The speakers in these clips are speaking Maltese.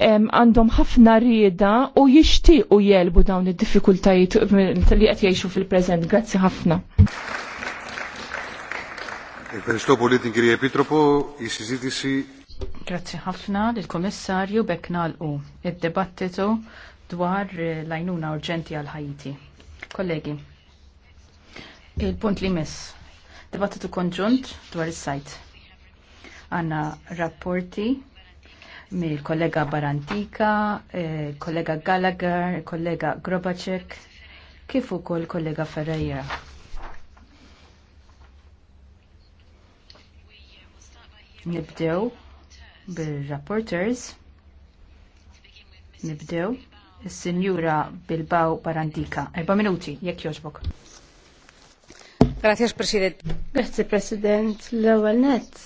għandhom ħafna rieda u jixtiequ jelbu dawn id-diffikultajiet li qed jgħixu fil-preżent. Grazzi ħafna. Grazzi ħafna lil komissarju bekk u id debattitu dwar l-għajnuna urġenti għal Ħajti. Kollegi, il-punt li mis, Debattitu konġunt dwar is-sajt. Għanna rapporti mill-kollega Barantika, kollega Gallagher, kollega Grobacek, kif ukoll kollega Ferreira. Nibdew bil-rapporters. Nibdew is-Sinjura Bilbao Barantika. Erba' minuti, jekk jogħġbok. Grazie President. Grazie President. L-ewwel nett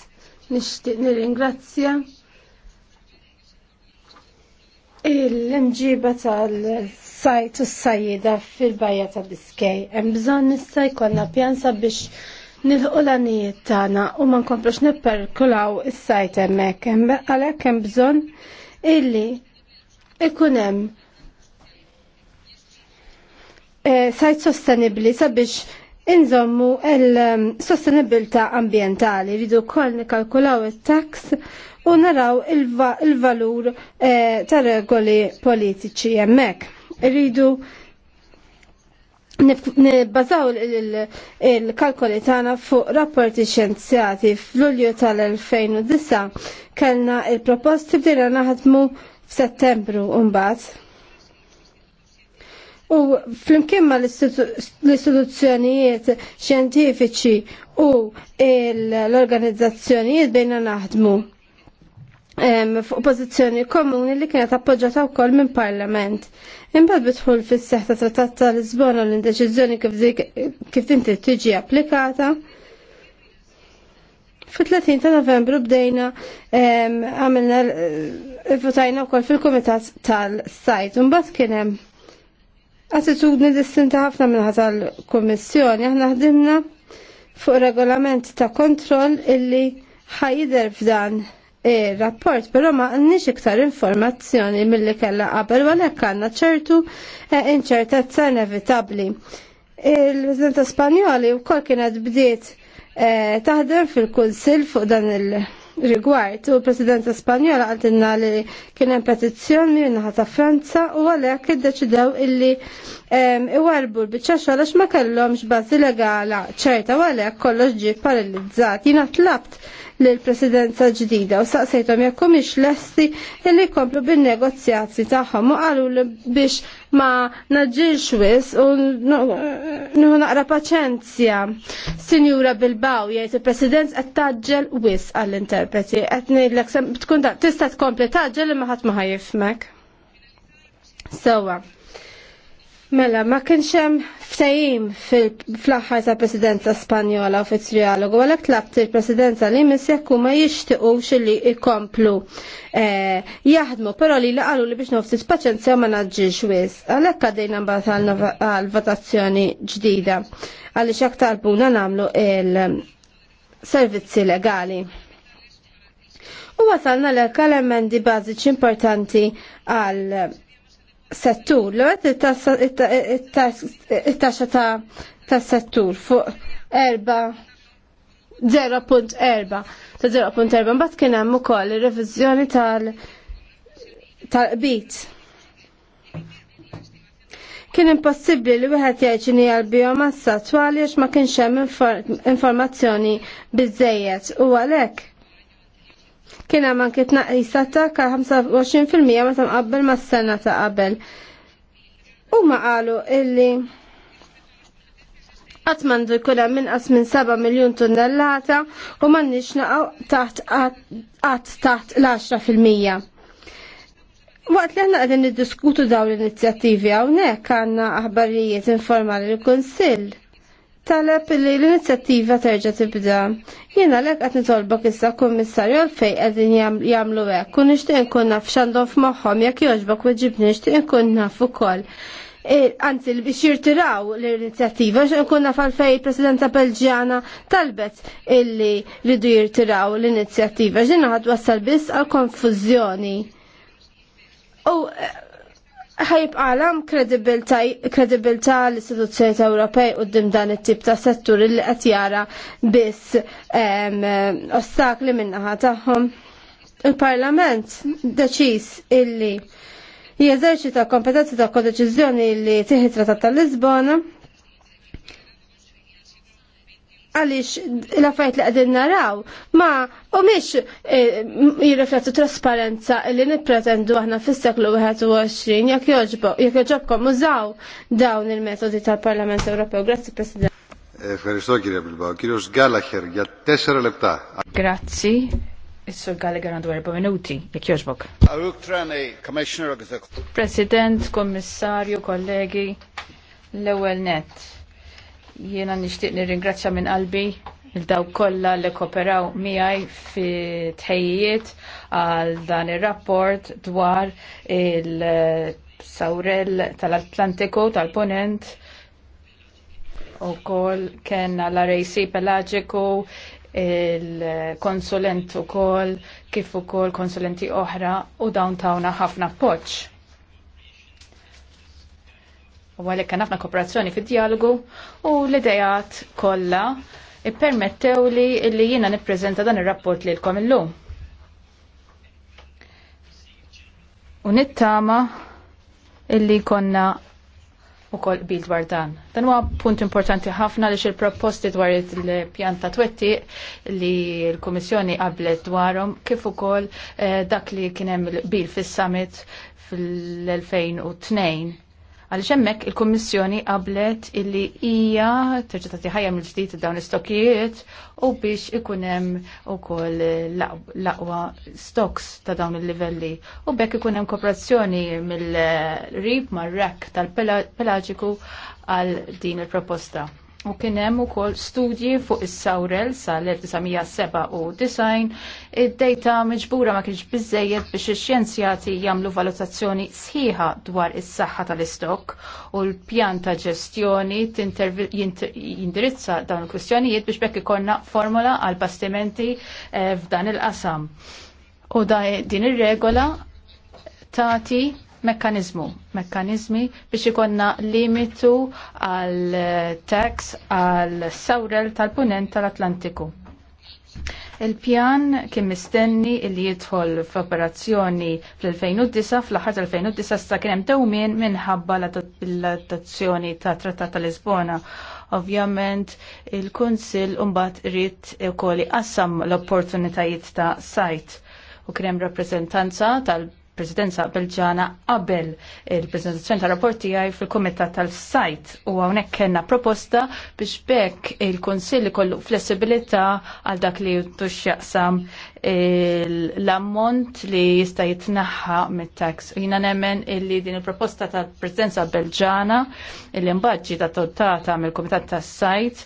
nixtieq nirringrazzja Il-mġiba tal-sajt u s-sajida fil-bajja ta' biskej. Hemm bżonn nista' jkollna pjanza biex nilħu l anijiet tagħna u ma nkomplux nipperkulaw is-sajt hemmhekk. Għalhekk hemm bżonn illi ikun hemm eh, sajt sostenibli sabiex inżommu il-sostenibilta ambientali, ridu kol nikalkulaw il-tax u naraw il-valur eh, ta' regoli politiċi jemmek. Ridu Nibbażaw il-kalkoli tagħna fuq rapporti xjenzjati f'Lulju tal-2009 kellna il-proposti bdejna naħdmu f'Settembru mbagħad U flimkien ma l-istituzzjonijiet xjentifiċi u l-organizzazzjonijiet bejna naħdmu fuq pozizjoni komuni li kienet appoġġata wkoll minn Parlament. Imbagħad bidħul fis-seħħ ta' Trattat ta' Lisbona l indeċiżjoni kif inti tiġi applikata. Fit-30 ta' Novembru bdejna għamilna eh, votajna wkoll fil-Kumitat tal-Sajt. Imbagħad kien hemm attitudni distinta ħafna minn ħatal kommissjoni. Aħna ħdimna fuq regolament ta' kontroll illi ħajider f'dan il-rapport, pero ma għannix iktar informazzjoni mill-li kella qabel, għalhekk għanna ċertu eh, inċertezza inevitabli. Il-Presidenta Spanjoli u kol kienet bdiet eh, taħdem fil-Kunsil fuq dan il- rigward u l-Presidenza Spanjola għadinna li kien hemm petizzjoni ta' Franza u għalhekk iddeċidew illi iwerbu l-biċċa għax ma kellhomx bażi legala ċerta u għalhekk kollox ġie paralizzat. Jiena tlabt l presidenza ġdida u saqsejtom jekk miex lesti illi jkomplu bin negozjazzi tagħhom u qalu li biex ma naġġilx wis u nieħu naqra paċenzja. Sinjura Bilbaw jgħid il-President qed taġġel wis għall-interpreti qed ngħidlek tkun tista' tkompli taġġel imma ħadd ma ħajfmek. Sewa. So, Mela, ma kienx hemm ftehim fl-aħħar ta' presidenza Spanjola u fit-trialogu, għalhekk tlabt il-presidenza li miss jekk ma jixtiequx li jkomplu eh, jaħdmu, però li laqalu li biex nofsi paċenzja ma naġġilx wis. Għalhekk għaddejna mbagħad għal votazzjoni ġdida għaliex hekk talbuna nagħmlu il-servizzi legali. U wasalna l-emendi bażiċi importanti għal settur, l taxxa ta' ta' settur fuq 0.4 ta' 0.4 mbagħad kien hemm ukoll ir-reviżjoni tal tal bit Kien impossibbli li wieħed jgħidni għal biomassa twali għax ma kienx hemm informazzjoni biżejjed u għalhekk Kien hemm anke tnaqqis ta' 25% meta ma mas-sena ta' qabel. Huma qalu illi qatt m'għandu jkun hemm inqas minn 7 miljun tunnellata u m'għandniex naqgħu taħt qatt taħt l-10%. Waqt li għanna għadin diskutu dawn l-inizjattivi għawnek għanna aħbarijiet informali l-Konsill talab li l-inizjattiva terġa tibda. Jiena ek qed nitolbok issa kummissarju għalfej qegħdin jagħmlu hekk. Kun nixtieq nkun naf x'għandhom f'moħħhom jekk jogħġbok weġibni nixtieq nkun naf ukoll. E, anzi, biex jirtiraw l-inizjattiva, xe nkun naf għalfej presidenta Belġjana talbet illi ridu jirtiraw l-inizjattiva, Ġena għad wassal biss għal-konfuzjoni. U ħajbqalam kredibilta l istituzzjoniet Ewropej d-dim dan it-tip ta' settur li qed jara biss ostakli min-naħa tagħhom. Il-Parlament deċiż illi jeżerċita kompetenzi ta' kodeċiżjoni li tieħi Trattat tal-Lisbona għalix l-affajt li għadin naraw, ma u miex eh, jirreflettu trasparenza li nipretendu għahna fis-seklu 21 jek joġobkom użaw dawn il-metodi tal-Parlament Ewropew. Grazzi, President. Ευχαριστώ κύριε Μπιλμπάου. Κύριος Γκάλαχερ για τέσσερα λεπτά. Grazie. Is-sur Gallagher għandu erba' minuti, jekk jogħġbok. President, Kommissarju, kollegi, l-ewwel net Jiena nixtieq nirringrazzja minn qalbi il-daw kollha li kooperaw miegħi fi tħejjiet għal dan ir-rapport dwar il-sawrel tal-Atlantiku tal-Ponent u kol kena l-RAC pelagiku il-konsulent u kol kif u kol konsulenti oħra u dawn tawna ħafna poċ u għalhekk għanafna ħafna kooperazzjoni fid-dialogu u l-idejat kollha permettew li li jiena nippreżenta dan ir-rapport lilkom illum. U nittama illi konna u kol bil dwar dan. Dan huwa punt importanti ħafna li il-proposti dwar il-pjan ta' twetti li l-Komissjoni qablet dwarhom kif ukoll eh, dak li kien hemm bil fis-summit fil-2002 Għaliex hemmhekk il-Kummissjoni qablet illi hija terġa' tagħti ħajja mill-ġdid dawn l-istokkijiet u biex ikun hemm ukoll l-aqwa stocks ta' dawn il-livelli. U bekk ikun hemm kooperazzjoni mill-rib mar-rak tal-pelaġiku għal din il-proposta. U kien hemm ukoll studji fuq is-sawrel sal-1997 id-dejta miġbura ma kienx biżejjed biex ix-xjenzjati jagħmlu valutazzjoni sħiħa dwar is-saħħa tal-istokk u l-pjan ta' ġestjoni jindirizza dawn il-kwistjonijiet biex bekk ikollna formola għal bastimenti eh, f'dan il-qasam. U da din ir-regola tagħti mekkanizmu, mekkanizmi biex ikonna limitu għal tax għal sawrel tal-punent tal-Atlantiku. Il-pjan kien mistenni li jidħol f'operazzjoni fl-2009, fl-aħħar tal-2009 sta kien hemm dewmien minħabba l-adozzjoni ta' Trattat ta' Lisbona. Ovvjament il-Kunsill mbagħad irid ukoll iqassam l-opportunitajiet ta' sajt u kien hemm rappreżentanza tal- presidenza belġana qabel il presentazzjoni tar rapporti għaj fil-komitat tal-sajt u għawnek kena proposta biex bekk il-konsilli kollu flessibilita għal dak li juttux jaqsam l-ammont li jista' jitnaħħa mit-tax. Jina nemmen illi din il-proposta tal-Presidenza Belġana illi mbaġġi ta' totata mill-Komitat tas-Sajt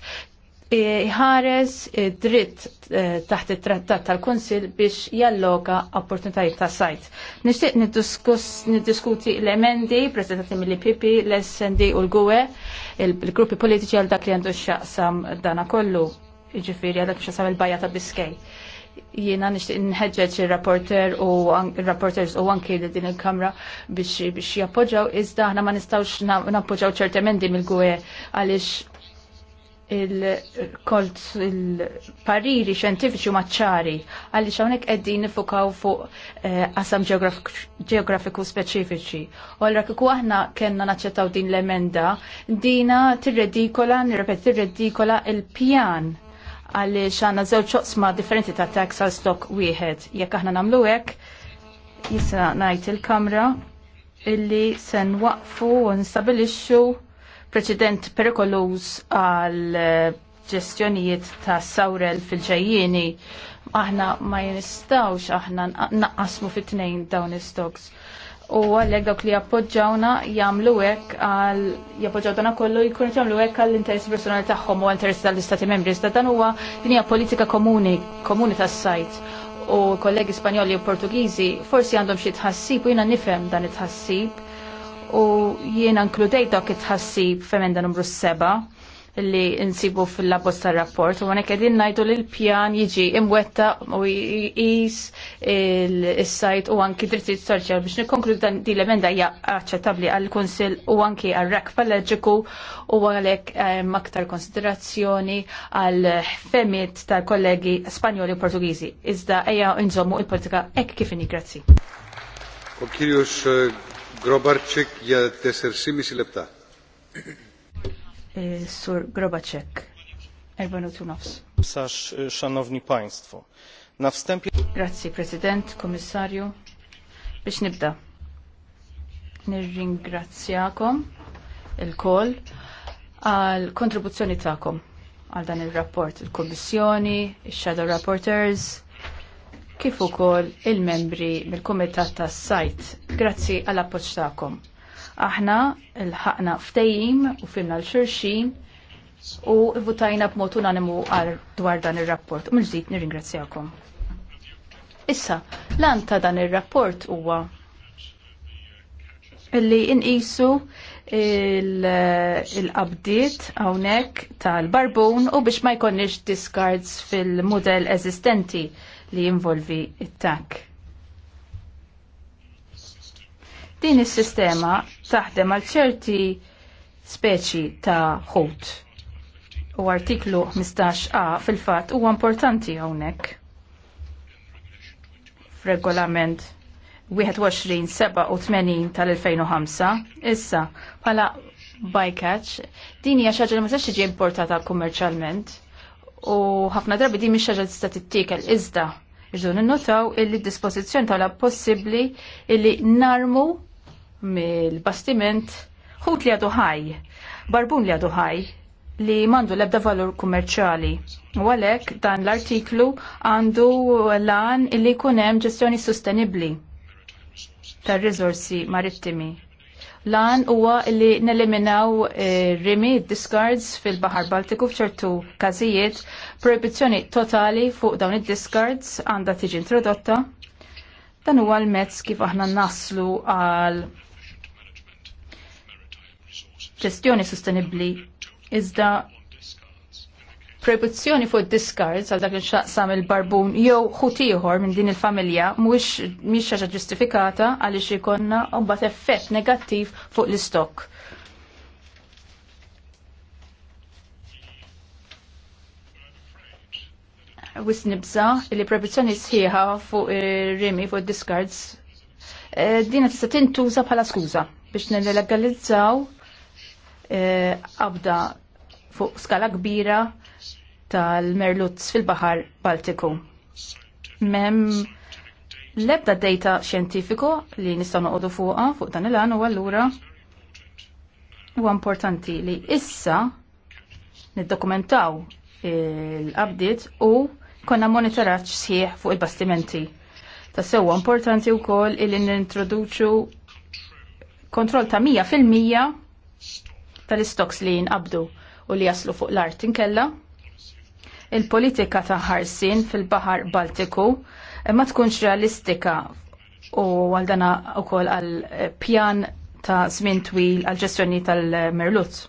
ħares dritt eh, taħt it-trattat tal konsil biex jalloka opportunitajiet ta' sajt. Nixtieq niddiskuti l-emendi prezentati mill-IPP, l-SND u l-GUE, il-gruppi politiċi għal dak li għandu xaqsam dana kollu, ġifiri għal dak xaqsam il-bajja ta' Biskej. Jiena nixtieq nħeġġeġ ir-rapporter u rapporters u anki li din il-kamra biex, jappoġaw, jappoġġaw, iżda aħna ma nistgħux nappoġġaw ċerti emendi mill-GUE għaliex il-kolt il-pariri xentifiċi maċċari għalli xawnek għeddin nifukaw fuq eh, qasam ġeografiku speċifiċi. U għallra kiku aħna kena naċċettaw din l-emenda, dina tirredikola, nirrepet tirredikola il-pjan għalli xana zewċ oqsma differenti ta' tax għal stok wieħed. Jekk aħna namlu hekk, jisna najt il-kamra illi sen waqfu u nstabilixxu preċedent perikoluż għal eh, ġestjonijiet ta' sawrel fil ġajjini aħna ma jinistawx aħna naqqasmu fit-tnejn dawn istoks. u għallek dawk li jappoġġawna jamlu hekk għal jappoġġaw dana kollu jkun jamlu hekk għall interess personali tagħhom u interess tal-istati membri. Iżda dan huwa din hija politika komuni, komuni tas-sajt u kollegi Spanjoli u Portugiżi forsi għandhom xi tħassib u jiena nifhem dan it-tħassib u jiena inkludejt dak it-ħassib f'emenda numru 7 li insibu fil-labos tal-rapport u għanek edin najdu li l-pjan jiġi imwetta u jis il-sajt u anki drittijiet soċjal biex nikonkludu dan di l-emenda hija aċċettabbli għal kunsill u anki għal-rak paleġiku u għalek maktar eh, konsiderazzjoni għal femit tal-kollegi Spanjoli u Portugiżi. Iżda eja nżommu il-politika ek kif inni grazzi. Uh, Grobarczyk ja teser lepta. E, Sur Grobarczyk, e, szanowni państwo, na wstępie... Grazie, prezydent, komisarju. Biex nibda. Nirringrazzjakom il-kol għal kontribuzzjoni ta'kom għal dan il-rapport, il-Kommissjoni, il-Shadow Rapporteurs, kif ukoll il-membri mill-Kumitat tas-Sajt. Grazzi għall appoġġ tagħkom. Aħna l-ħaqna u fimna l-xurxin u votajna b'mod unanimu għal dwar dan ir-rapport. U mill-ġdid nirringrazzjakom. Issa, lan ta' dan ir-rapport huwa illi inqisu il-qabdiet il hawnhekk tal-barbun u biex ma jkollniex discards fil-mudell eżistenti li jinvolvi it-tak. Din is-sistema taħdem għal ċerti speċi ta' ħut. U artiklu 15a fil-fatt huwa importanti hawnhekk. F'regolament 21-87 tal-2005, issa bħala bycatch, din hija xi ħaġa li ma s tiġi importata kummerċjalment u ħafna drabi di mhix ħaġa tista' tittikel iżda irdu ninnotaw illi dispożizzjoni tagħla possibbli illi narmu mill-bastiment ħut li għadu ħaj, barbun li għadu ħaj li mandu lebda valur kummerċali. U għalek dan l-artiklu għandu lan illi kunem ġestjoni sostenibli tar-rizorsi marittimi Lan huwa li neliminaw eh, rimi discards fil-Bahar Baltiku f'ċertu każijiet, proibizzjoni totali fuq dawn id-discards għandha tiġi introdotta. Dan huwa l-mezz kif aħna naslu għal ġestjoni sostenibbli iżda proibizzjoni fuq discards għal dak li xaqsam il-barbun jew ħutieħor minn din il-familja mhux mhix xaġa ġustifikata għaliex ikonna mbagħad effett negattiv fuq l-istokk. Wis nibża li proibizzjoni sħiħa fuq ir-rimi fuq discards eh, din qed tista' tintuża bħala skuża biex nilegalizzaw qabda eh, fuq skala kbira tal-merluz fil-Bahar Baltiku. Mem l-ebda data xjentifiku li nistgħu noqogħdu fuqha fuq dan il-għan u allura huwa importanti li issa niddokumentaw l-abdiet u konna monitorat sħiħ fuq il-bastimenti. Ta' sewwa importanti wkoll li nintroduċu kontroll ta' 100% tal-istoks li jinqabdu u li jaslu fuq l-art inkella il-politika ta' ħarsin fil-Bahar Baltiku eh, ma tkunx realistika u għaldana u koll għal eh, pjan ta' żmien twil għal ġestjoni tal-Merluz.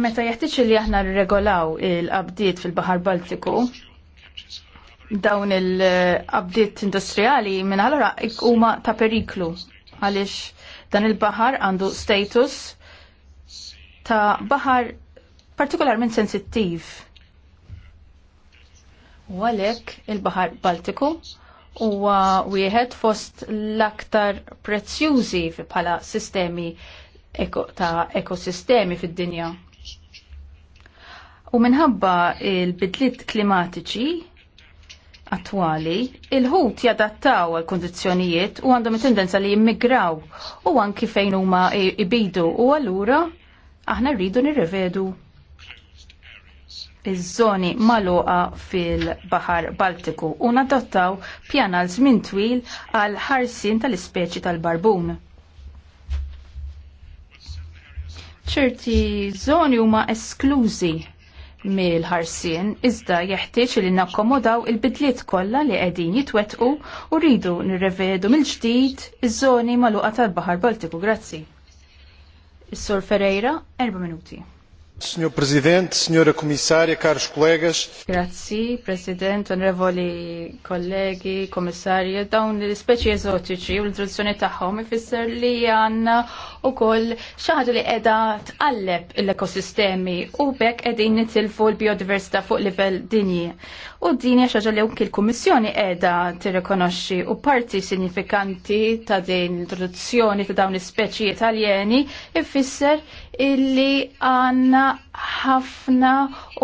Meta jeħtieġ li aħna regolaw il-qabdiet fil-Bahar Baltiku, dawn il-qabdiet industrijali minn għalra huma ta' periklu għaliex dan il-bahar għandu status ta' bahar partikolarment sensittiv. U għalhekk il-Baħar Baltiku huwa wieħed fost l-aktar prezzjużi bħala sistemi eko, ta' ekosistemi fid-dinja. U minħabba il-bidliet klimatiċi attwali, il-ħut jadattaw għal kondizjonijiet u għandhom tendenza li jimmigraw u anki fejn huma ibidu u allura aħna rridu nirrevedu iż-żoni magħluqa fil-Baħar Baltiku u nadottaw pjanal żmien twil għal ħarsien tal-ispeċi tal-barbun. ċerti żoni huma esklużi mill-ħarsien iżda jeħtieġ li nakkomodaw il-bidliet kollha li qegħdin jitwettqu u rridu nirrevedu mill-ġdid iż-żoni magħluqa tal-Baħar Baltiku. Grazzi. Is-Sur Ferreira, erba' minuti. Signor President, signora Commissaria, cari collegas. Grazzi, President, onorevoli kollegi, Kommissarju, dawn l-speċi eżotiċi u l-introduzzjoni tagħhom ifisser li għandna wkoll xi ħaġa li qiegħda tqalleb l-ekosistemi u bekk qegħdin nitilfu l-biodiversità fuq livell dinji. U din hija xi ħaġa li anke l-Kummissjoni qiegħda tirrikonoxxi u parti sinifikanti ta' din l-introduzzjoni ta' dawn l-speċi italjeni ifisser illi għanna ħafna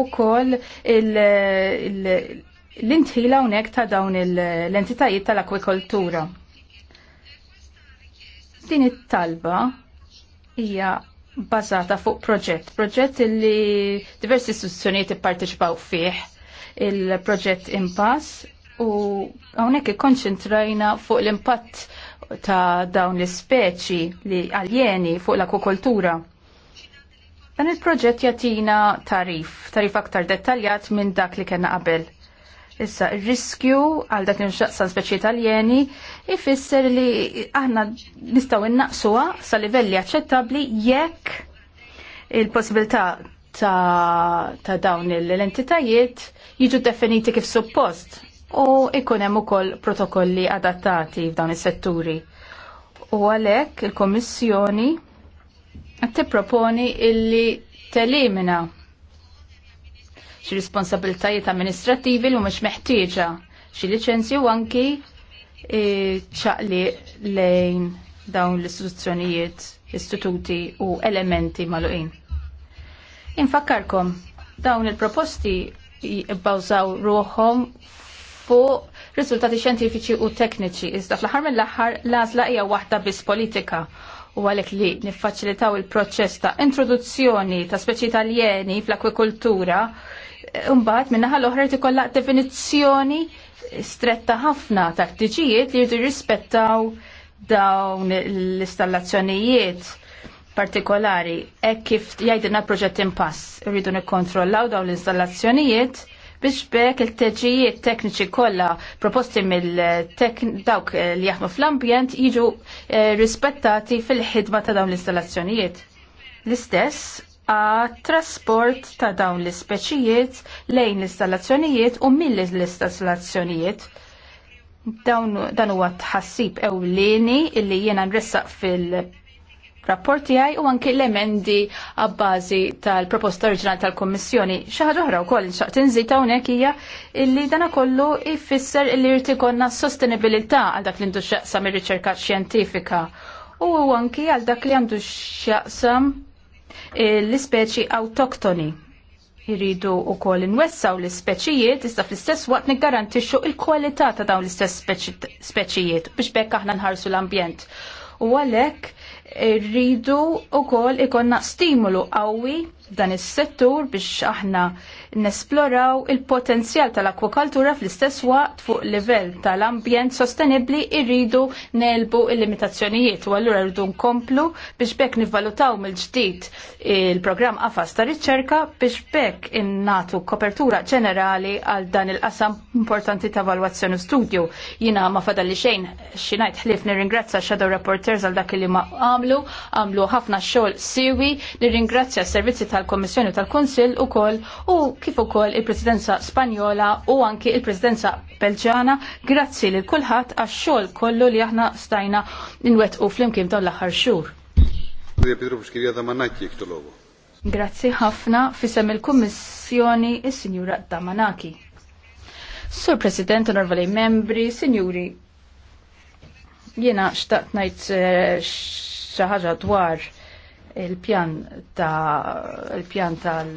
u koll l-intħila unek ta' dawn l-entitajiet tal-akwikoltura. Din it-talba hija bazata fuq proġett, proġett illi diversi istituzzjonijiet ipparteċipaw fih il-proġett Impass u hawnhekk ikkonċentrajna fuq l-impatt ta' dawn l-ispeċi li aljeni fuq l-akwakultura. Dan il-proġett jatina tarif, tarif aktar dettaljat minn dak li kena qabel. Issa, riskju għal dak nxaqsan speċi italjeni ifisser li aħna nistaw innaqsuha sa livelli aċċettabbli jekk il-possibilità ta', ta dawn l-entitajiet jiġu definiti kif suppost u ikun hemm ukoll protokolli adattati f'dawn is-setturi. U għalhekk il-Kommissjoni Għatte proponi illi telimina xi responsabiltajiet amministrativi li mhumiex meħtieġa xi u anki e, ċaqli lejn dawn l-istituzzjonijiet, istituti u elementi magħluqin. Infakkarkom, dawn il-proposti jibbawżaw ruħom fuq riżultati xjentifiċi u tekniċi. Iżda fl-aħħar mill-aħħar l-għażla hija waħda biss politika u għalek li niffaċilitaw il-proċess ta' introduzzjoni ta' speċi taljeni fl-akwikultura, mbagħad minnaħa l-oħra kolla definizzjoni stretta ħafna ta' ktiġijiet li jridu jirrispettaw dawn l-installazzjonijiet partikolari. Hekk kif jgħidilna proġett impass, irridu nikkontrollaw dawn l-installazzjonijiet biex b'ek il-teġijiet tekniċi kollha proposti mill dawk li jaħmu fl-ambjent jiġu eh, rispettati fil-ħidma ta' dawn l-installazzjonijiet. L-istess għat trasport ta' dawn l-ispeċijiet lejn l-installazzjonijiet u mill l-installazzjonijiet. Dawn dan huwa tħassib ewlieni illi jiena nressaq fil- rapporti għaj u anki l-emendi għabbażi tal-proposta oriġinali tal-Kommissjoni. uħra oħra wkoll inxaqt inżid hawnhekk hija illi dana kollu jfisser illi jrid ikollna sostenibilità għal dak li xaqsam ir-riċerka xjentifika u anki għal dak li għandu xaqsam l-ispeċi autoktoni jiridu u kol inwessaw l-speċijiet, iżda fl-istess waqt niggarantixxu il-kwalità ta' dawn l-istess speċijiet biex bekk aħna nħarsu l-ambjent. U għalhekk rridu u kol ikonna stimolu għawi dan is-settur biex aħna nesploraw il-potenzjal tal-akwakultura fl-istess waqt fuq livell tal-ambjent sostenibbli irridu nelbu il-limitazzjonijiet u allura rridu nkomplu biex bekk nivvalutaw mill-ġdid il-programm qafas ta' riċerka biex bekk innatu kopertura ġenerali għal dan il-qasam importanti ta' valwazzjoni studju. Jina ma fadalli xejn xinajt ħlif nirringrazzja shadow reporters għal dak li ma għamlu, għamlu ħafna xogħol siwi, nirringrazzja s-servizzi ta' tal-Kommissjoni tal-Konsil u koll u kif ukoll il-Presidenza Spanjola u anki il-Presidenza Belġana grazzi li kulħadd għax-xogħol kollu li aħna stajna nwettqu u imkien dawn l-aħħar xhur. Grazzi ħafna fisem il-Kummissjoni il sinjura Damanaki. Sur President, onorvali membri, sinjuri, jena xtaqt najt eh, xaħġa dwar il-pjan ta' il-pjan tal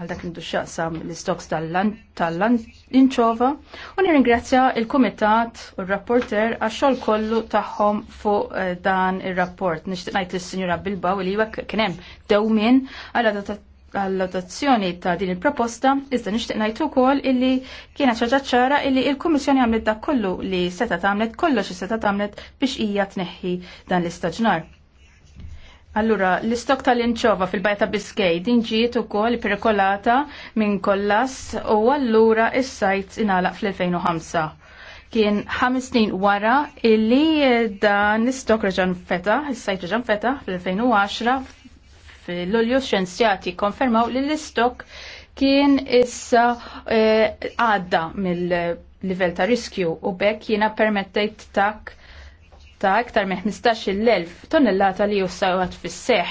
għal dak li xaqsam l-istoks tal-inċova u nirringrazzja il-Kumitat u r-rapporter għax-xogħol kollu tagħhom fuq eh, dan ir-rapport. Nixtieq ngħid lis-Sinjura Bilbaw li jwak kien hemm dewmien għall-adozzjoni ta' din il-proposta, iżda nixtieq ngħid ukoll illi kienet ċaġaċara ċara illi il-Kummissjoni għamlet dak kollu li seta tagħmlet kollox seta tagħmlet biex hija tneħħi dan l-istaġnar Allura, l-istok tal-inċova fil-bajta Biskej din ġiet ukoll perikolata minn kollas u allura il sajt inalaq fl-2005. Kien ħames snin wara illi dan l-istok reġan feta, is-sajt reġan feta fl-2010 fil-Lulju xenzjati konfermaw li l-istok kien issa eh, għadda mill-livell ta' riskju u bekk jiena permettejt tak ta' aktar minn 15,000 tonnellata li jussawat fis-seħ.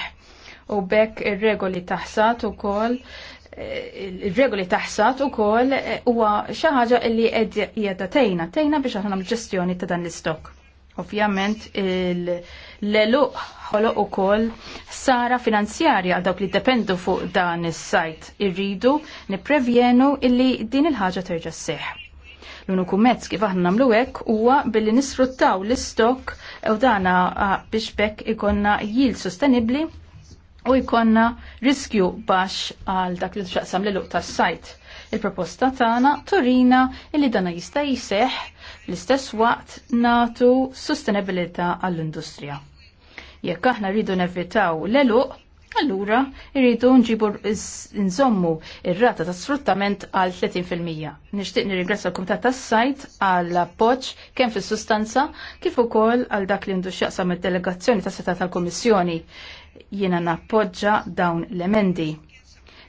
U bekk ir-regoli taħsat ukoll eh, il-regoli taħsat ukoll eh, huwa xi ħaġa li qiegħda tejna, tejna biex aħna ġestjoni ta' dan l-istok. Ovvjament l-eluq ħoloq ukoll sara finanzjarja dawk li dependu fuq dan is-sajt. Irridu nipprevjenu illi din il-ħaġa terġa' sseħħ junu kummetz kif aħna namlu hekk huwa billi nisfruttaw l-istok u dana biex bekk ikonna jil sostenibli u jkonna riskju baxx għal dak li xaqsam l luq tas-sajt. Il-proposta tagħna turina illi dana jista' jiseħ l-istess waqt natu sostenibilità għall-industrija. Jekk aħna rridu nevitaw l-eluq, Allura, irridu nġibu nżommu ir-rata ta' sfruttament għal 30%. Nixtieq nirrigressa l-Kumitat tas-Sajt għall appoġġ kemm fis-sustanza kif ukoll għal dak li ndu x'jaqsam id-delegazzjoni tas seta tal-Kummissjoni. Jiena nappoġġa dawn l-emendi.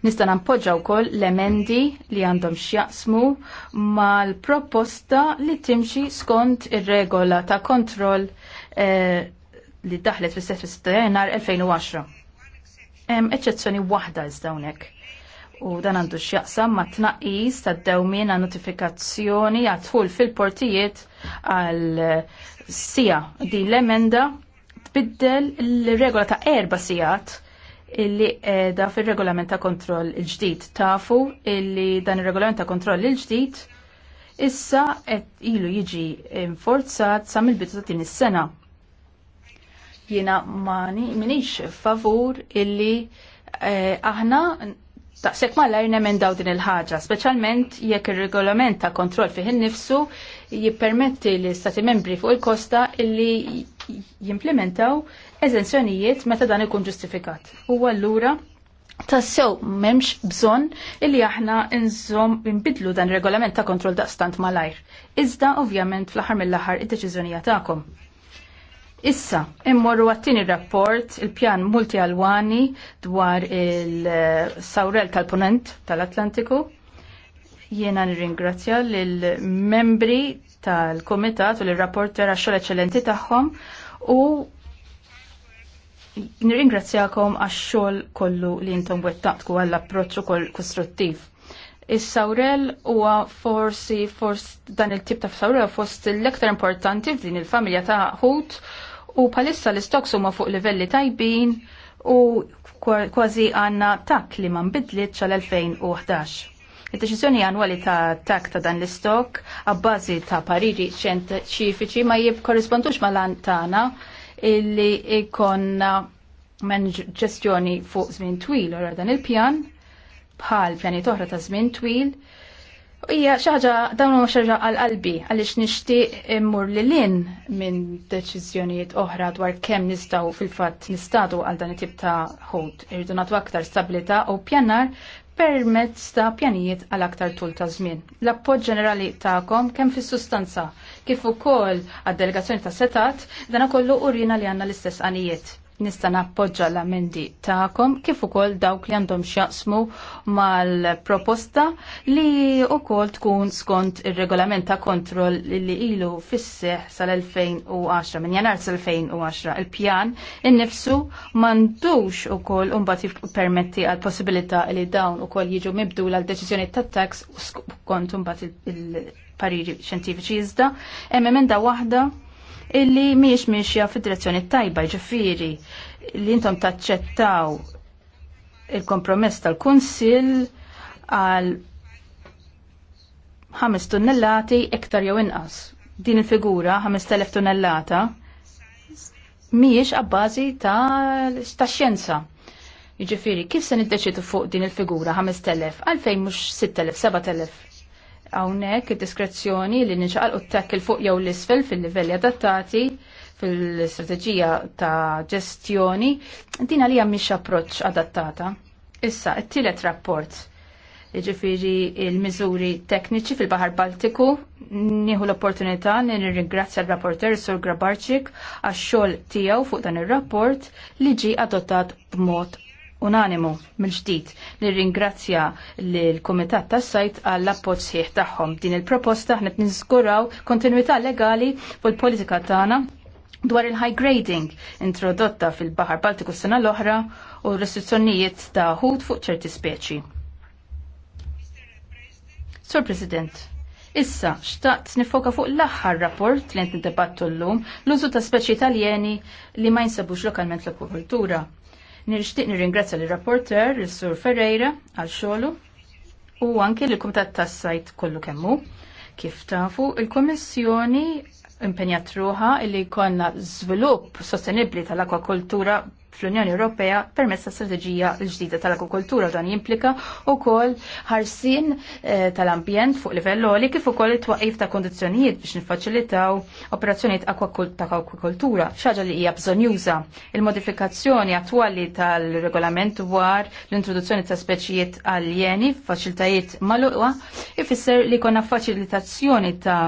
Nista' nappoġġa wkoll l-emendi li għandhom x'jaqsmu mal-proposta li timxi skont ir-regola ta' kontroll eh, li daħlet fis-7 ta' jannar 2010 hemm eċċezzjoni waħda iżda hawnhekk. U dan għandu x'jaqsam ma' tnaqqis tad-dewmien għal notifikazzjoni għadħul fil-portijiet għal sija din l-emenda tbiddel l-regola ta' erba sijat illi edha fil-regolament ta' kontroll il-ġdid. Tafu illi dan il-regolament ta' kontroll il-ġdid issa qed ilu jiġi forzat sa mill-bidu ta' din is-sena. Jiena mani minix favur illi eh, aħna Taqsek ma lajr nemendaw din il-ħagġa, specialment jekk il-regolament ta' kontroll fiħin nifsu jippermetti li stati membri fuq il-kosta illi jimplementaw eżenzjonijiet meta dan ikun ġustifikat. U allura tassew memx bżon illi aħna nżom nbidlu dan regolament ta' kontroll daqstant malajr. Iżda ovvjament fl-aħħar mill-aħħar id-deċiżjonija tagħkom. Issa, immorru għattini rapport il-pjan multi-alwani dwar il-sawrel tal-ponent tal-Atlantiku. Jiena nirringrazzja l-membri tal-komitat u l-rapporter għaxol eccellenti tagħhom u nirringrazzjakom għax-xogħol kollu li jintom wettaqtku għall approċċu ukoll kostruttiv. Is-sawrel huwa forsi forsi dan il-tip ta' sawrel fost l-ektar importanti f'din il-familja ta' ħut u palissa l-istoks huma fuq livelli tajbin u kważi għanna tak li ma nbidlit xal-2011. Il-deċiżjoni annwali ta' tak ta' dan l-istok għabbażi ta' pariri xjentifiċi ma jikkorrispondux ma' lan tagħna illi ikonna men ġestjoni fuq żmien twil ora dan il-pjan bħal pjani toħra ta' żmien twil Ija, xaħġa, dawn huma xaħġa għal-qalbi, għalix nishti immur li lin minn deċizjoniet oħra dwar kemm nistaw fil-fatt nistadu għal dan it-tip ta' ħut. Irridu nagħtu aktar stabilita u pjannar permezz ta' pjanijiet għal aktar tul ta' żmien. L-appoġġ ġenerali tagħkom kemm fis-sustanza kif ukoll għad-delegazzjoni ta' setat dan kollu urrina li għandna l-istess għanijiet nista' nappoġġa l-amendi tagħkom kif ukoll dawk li għandhom x'jaqsmu mal-proposta li wkoll tkun skont ir-regolament ta' kontroll li ilu fis-seħ sal-2010 minn Janar sal-2010 il-pjan innifsu m'għandux ukoll imbagħad permetti għal possibilità li dawn ukoll jiġu mibdu l deċiżjoni tat-tax skont imbagħad il-pariri xjentifiċi iżda hemm emenda waħda illi miex miexja fid-direzzjoni tajba ġifiri li intom taċċettaw il-kompromess tal-Kunsil għal ħames tunnellati iktar jew inqas. Din il-figura 5000 tunnellata miex għabbażi ta' xjenza. Jiġifieri kif se niddeċidu fuq din il-figura 5000 għalfejn mhux 6000, 7000? hawnhekk id-diskrezzjoni li nċaqal u t il fuq jew l-isfel fil-livelli adattati fil-strateġija ta' ġestjoni din li mhix approċċ adattata. Issa, it tilet rapport ġifiri il-mizuri tekniċi fil-Bahar Baltiku. Nieħu l-opportunità li nirringrazzja l-rapporter Sur Grabarċik għax xogħol tiegħu fuq dan ir-rapport li ġie adottat b'mod unanimu mil ġdid nirringrazzja l-Komitat tas sajt għall appoġġ sħiħ tagħhom. Din il-proposta ħnet niżguraw kontinuità legali fuq il-politika tagħna dwar il-high grading introdotta fil-Baħar Baltiku s-sena l-oħra u restrizzjonijiet ta' ħut fuq ċerti speċi. Sur President, Issa, xtaqt nifoka fuq l-aħħar rapport li ntidebattu l-lum l-użu ta' speċi italjeni li ma jinsabux lokalment l-akwakultura. Nirixtiq nirringrazzja l rapporter l-Sur Ferreira, għal xolu u anke l-Kumitat tas-Sajt kollu kemmu. Kif tafu, il komissjoni impenjat ruħa li jkollna żvilupp sostenibbli tal-akwakultura fl-Unjoni Ewropea permezz ta' strateġija l-ġdida tal-agrikoltura dan jimplika wkoll ħarsien eh, tal-ambjent fuq livell oli kif ukoll it-twaqif ta' kondizzjonijiet biex niffaċilitaw operazzjonijiet ta' akwakultura, xaġa li hija bżonjuża. Il-modifikazzjoni attwali tal-regolament dwar l-introduzzjoni ta' speċijiet aljeni f'faċilitajiet maluqa ifisser li konna faċilitazzjoni ta'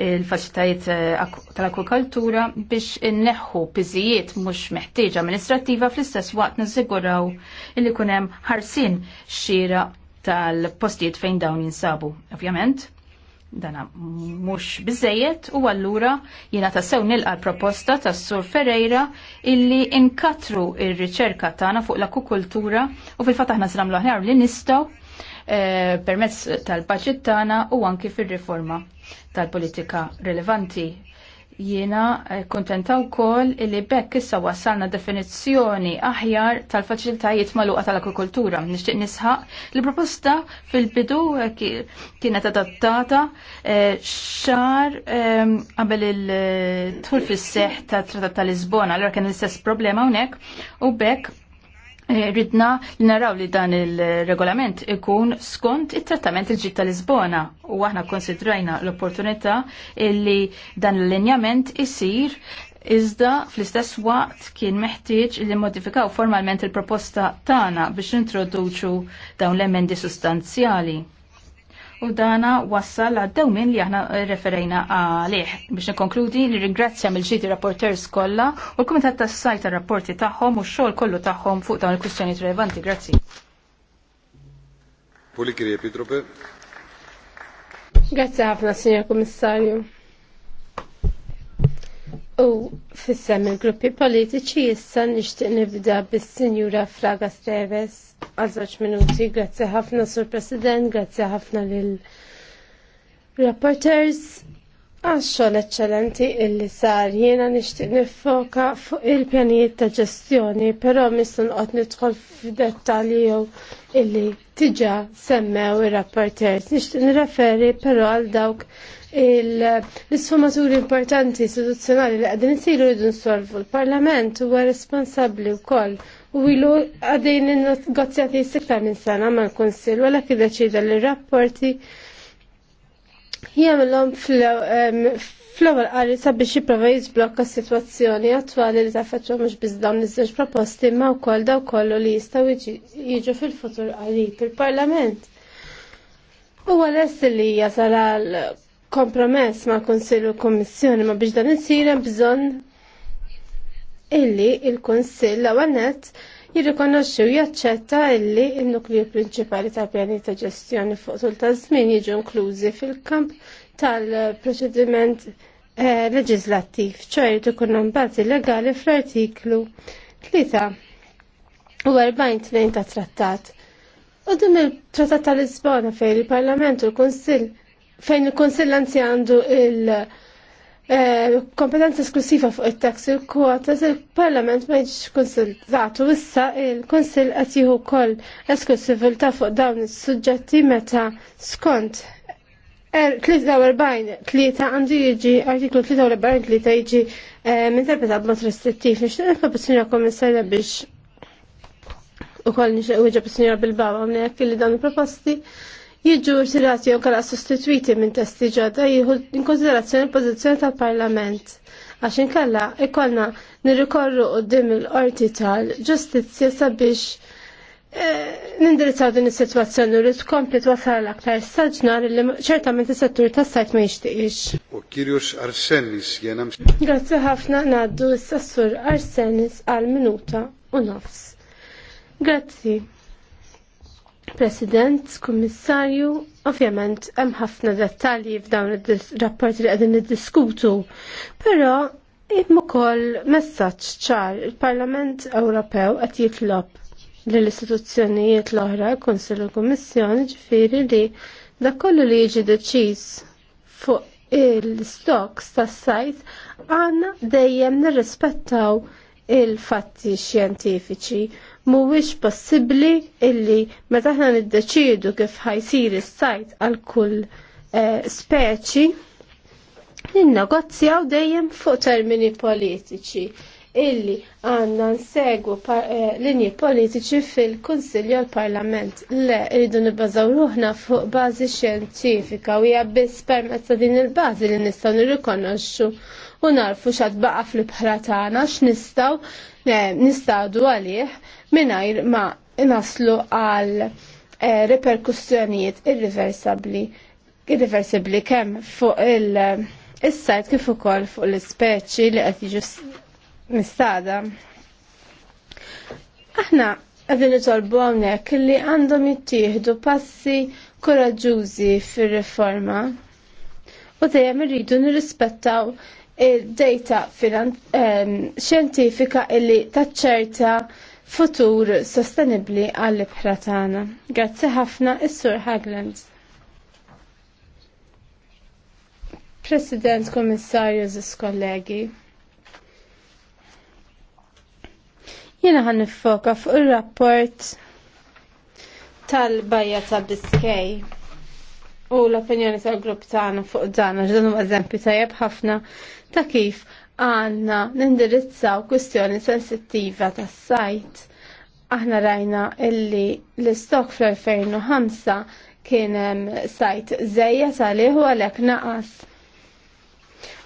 il-faċilitajiet eh, tal-akwakultura biex inneħħu piżijiet mhux meħtieġ amministrativi effettiva fl-istess waqt nażiguraw illi kunem ħarsin xira tal-postijiet fejn dawn jinsabu. Ovvjament, dana mux bizzejiet u għallura jina tassew nilqa proposta tas Sur Ferreira illi inkatru il-riċerka tana fuq l-akukultura u fil-fataħna s-ram l li nistaw eh, permezz tal paċit tagħna u anki fir-riforma tal-politika rilevanti. Jiena eh, kontenta wkoll li bekk issa wasalna definizzjoni aħjar tal-faċilitajiet magħluqa tal-agrikoltura. Nixtieq nisħaq li proposta fil-bidu eh, kienet adattata eh, xar ehm, qabel il-tul fis-seħħ tat-Tratat tal Lisbona, allura kien l-istess problema hawnhekk u bekk Eh, ridna li naraw li dan il-regolament ikun skont it-trattament il-ġit tal-Lisbona u aħna konsidrajna l-opportunità li dan l-linjament isir Iżda fl-istess waqt kien meħtieġ li modifikaw formalment il-proposta tagħna biex introduċu dawn l-emendi sustanzjali u dana wassal għad dewmin li aħna referejna għalih. Biex nikonkludi, nirringrazzja mill-ġiti rapporters kollha u l-Kumitat tas-sajt tar-rapporti tagħhom u x-xogħol kollu tagħhom fuq dawn il-kwistjonijiet relevanti. Grazzi. Polikri Epitrope. Grazzi ħafna, Sinjor Kummissarju. U fissem il-gruppi politiċi issa nixtieq nibda bis-Sinjura Fraga Streves għazax minuti, grazzi ħafna sur President, grazzi ħafna lil reporters għaxxol eccellenti illi sar jiena nixtieq nifoka fuq il-pjanijiet ta' ġestjoni, però missun qod nidħol f'dettalji jew illi tiġa semmew ir-rapporters. Nixtieq nireferi però għal dawk l-isfumaturi importanti istituzzjonali li qegħdin isiru jridu nsolvu l-Parlament huwa responsabbli wkoll u ilu għadejn il-negozjati s-siktar minn sena ma' l-Konsil, u għalek id-deċida rapporti jgħamilom fl-ewwel qari sabiex jipprova jizblokka s-sitwazzjoni attwali li taffettwa mhux biss dawn iż-żewġ proposti ma' wkoll daw kollu li jistgħu jiġu fil-futur qarib il-Parlament. Huwa lest li jasal għal kompromess ma' Konsil u Kommissjoni ma' biex dan il-sirem bżonn illi il-Konsill nett jirrikonoxxi u jaċċetta illi il-nukliju prinċipali tal pjani ta' ġestjoni fuq tul ta' żmien jiġu inklużi fil-kamp tal-proċediment eh, leġislattiv, ċoj li tkun bażi legali fl-artiklu 3 u 42 ta' trattat. U din il-trattat tal-Lisbona fejn il-Parlament u l-Kunsill fejn il-Kunsill anzi għandu il-, -Kunsill, Eh, kompetenza esklusiva fuq it-tax il-kwota il-Parlament ma jiġix konsultatu issa il-Konsil qed jieħu wkoll esklusività fuq dawn is-suġġetti meta skont 43 er, tlieta għandu jiġi artiklu 43 tlieta jiġi eh, interpretat b'mod restrittiv. Nixtieq nitlob is-Sinjora Kommissarja biex ukoll nixtieq wieġeb is-Sinjora Bilbao hawnhekk li dawn il-proposti jiġu rtirati jew kalla sostituiti minn testi ġodda jieħu inkonsiderazzjoni l-pożizzjoni tal-Parlament għax inkella ikollna nirrikorru dim il-qorti tal-ġustizzja sabiex eh, nindirizzaw din is-sitwazzjoni li tkompli twassal l-aktar saġnar li ċertament is-settur tas-sajt ma jixtieqx. U Kirjus Arsenis jena Grazzi ħafna ngħaddu s-sassur Arsenis għal minuta u nofs. Grazzi. President, Kummissarju, ovvjament hemm ħafna dettalji f'dawn ir-rapporti li qegħdin niddiskutu, però jitmu ukoll messaġġ ċar il-Parlament Ewropew qed jitlob lill istituzzjonijiet l-oħra, Kunsill u l Kummissjoni, ġifieri li dak kollu li jiġi deċiż fuq il-stocks tas-sajt għandna dejjem nirrispettaw il-fatti xjentifiċi mhuwiex possibbli illi meta aħna niddeċiedu kif ħajsir is-sajt għal kull eh, speċi ninnegozjaw dejjem fuq termini politiċi illi għanna nsegwu eh, linji politiċi fil-Kunsilju l-Parlament. Le, rridu nibbażaw ruħna fuq bażi xjentifika u hija biss permezz ta' din il-bażi li nistgħu nirrikonoxxu u narfu xad baqa fl-bħra tagħna x'nistgħu nistgħu għalih mingħajr ma naslu għal eh, reperkussjonijiet irreversibbli irreversibbli kemm fuq il- sajt kif ukoll fuq l-ispeċi li qed jiġu mistada. Aħna qegħdin nitolbu hawnhekk li għandhom jittieħdu passi koraġuzi fir-riforma u dejjem irridu nirrispettaw il-data ehm, xjentifika illi taċċerta futur sostenibli għall bħratana. Grazzi ħafna is-Sur Hagland. President Komissarju Ziz kollegi. Jena ħan nifoka fuq il-rapport tal-bajja ta' Biskej u l-opinjoni tal-grupp tagħna fuq dan, ġdan u eżempju tajjeb ħafna ta' kif għanna nindirizzaw kwistjoni sensittiva tas sajt Aħna rajna illi l-istok fl-2005 kien sajt zeja tal-iħu għalek naqas.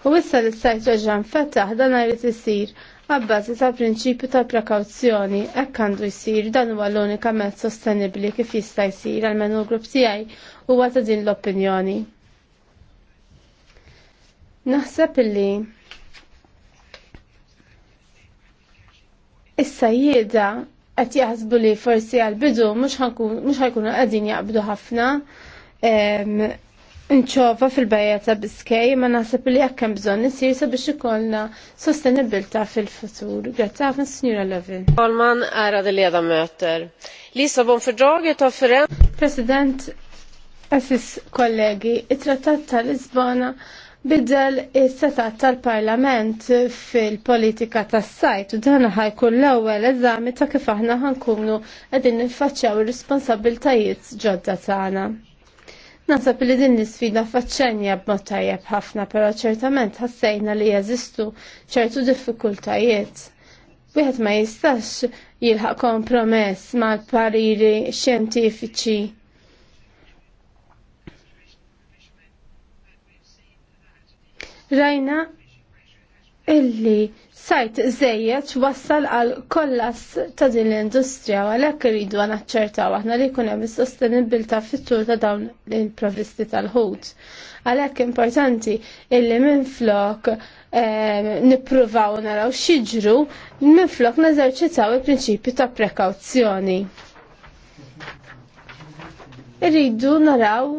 U issa l-sajt reġan fetaħ dan għajrit isir għabbażi ta' prinċipju ta' prekawzjoni ekk għandu jsir dan huwa l-unika mezz sostenibbli kif jista' jsir għal menu grupp tiegħi huwa ta' din l-opinjoni. Naħseb illi Is-sajjieda qed jaħsbu li forsi għal-bidu mhux ħajkunu qegħdin jaqbdu ħafna nċova fil-bajja ta' biskej ma naħseb li jekk hemm bżonn isir sabiex ikollna sostenibilta fil-futur. Grazzi ħafna Sinjura Levin. Talman ära det ledamöter. Lissabonfördraget ta' Firenze. President, Assis kollegi, it-trattat ta' Lisbona bidel is-setat tal-Parlament fil-politika tas-sajt u dan ħajkun l-ewwel eżami ta' kif aħna ħankunu qegħdin niffaċċjaw ir-responsabbiltajiet ġodda tagħna. Nasab li din l-sfida faċċenja b'mod tajjeb ħafna, però ċertament ħassejna li jeżistu ċertu diffikultajiet. Wieħed ma jistax jilħaq kompromess mal-pariri xjentifiċi rajna illi sajt zejjet wassal għal kollas ta' din l-industrija għalhekk iridu naċċertaw aħna li jkun hemm is-sostenibilità fit-tul ta' dawn il improvisti tal-ħut. Għalhekk importanti illi minflok ehm, nippruvaw naraw xiġru minflok neżerċitaw il-prinċipju ta' prekawzjoni. Iridu naraw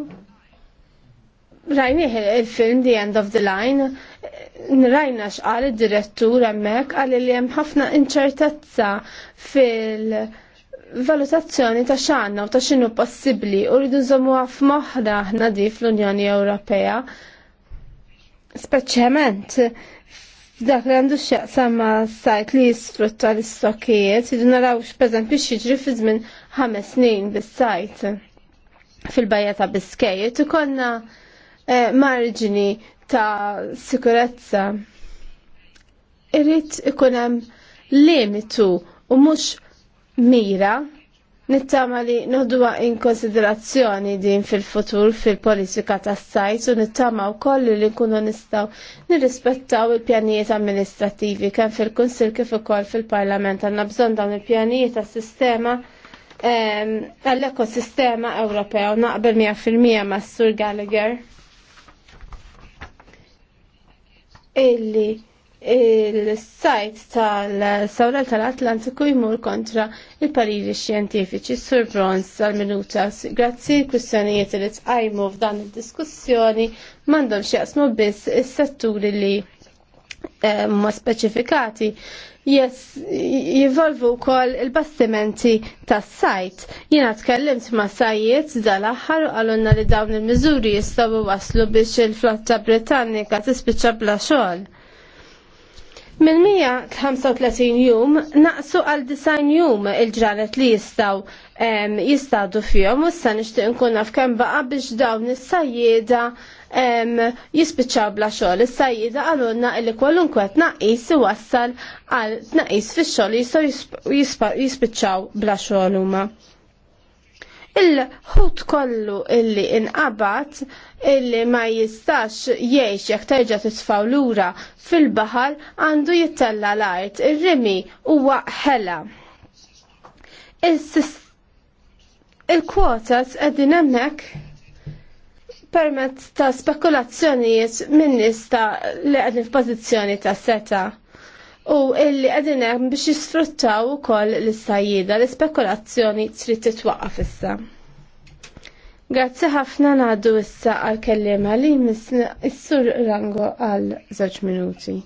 Rajniħ il-film The End of the Line, rajna xqal id-direttur hemmhekk għal li hemm ħafna inċertezza fil-valutazzjoni ta' xanna u ta' xinu possibbli u rridu nżommu għaf moħra ħna di fl-Unjoni Ewropea. Speċjament dak li għandu xieq samma sajt li jisfrutta l-istokkijiet, jridu naraw x'peżempju x'jiġri fi żmien ħames snin bis-sajt fil-bajja ta' biskejiet u konna Eh, marġini ta' sikurezza. Irrid ikun hemm limitu u mhux mira nittama li noħduha in konsiderazzjoni din fil-futur fil-politika tas-sajt u nittama wkoll li nkunu nistgħu nirrispettaw il-pjanijiet amministrativi kemm fil-Kunsill kif ukoll fil-Parlament għandna bżonn dawn il-pjanijiet tas-sistema għall-ekosistema ehm, Ewropew naqbel 100% ma' Sur Gallagher. illi il-sajt tal-sawral tal-Atlantiku jmur kontra il-pariri xjentifiċi sur bronz tal-minuta. Grazzi l-kwistjonijiet li tqajmu f'dan il-diskussjoni mandom xieqsmu biss is-setturi li Eh, ma speċifikati jess jivolvu kol il-bastimenti tas sajt Jina tkellimt ma sajjiet dal-axar għalunna li dawn il-mizuri jistabu waslu biex il-flotta britannika tispiċa bla xol. Min 135 jum naqsu għal 90 jum il-ġranet li jistaw jistadu fjom u s-san ixtiq nkun kem baqa biex dawn is-sajjeda jispiċċaw bla xogħol. Is-sajjida għalunna li kwalunkwe tnaqqis iwassal għal tnaqis fix-xogħol jistgħu jispiċċaw bla xogħol huma. Il-ħut kollu illi inqabat illi ma jistax jiex jekk terġa' titfaw lura fil-baħar għandu jittella l-art. Ir-rimi huwa ħela. Il-kwotas qegħdin hemmhekk permezz ta' spekulazzjonijiet minn nista li qegħdin f'pożizzjoni ta' seta' u illi qegħdin hemm biex jisfruttaw ukoll l-istajjida l-ispekulazzjoni trid titwaqqaf issa. Grazzi ħafna ngħaddu issa għal kelliema li is sur Rango għal żewġ minuti.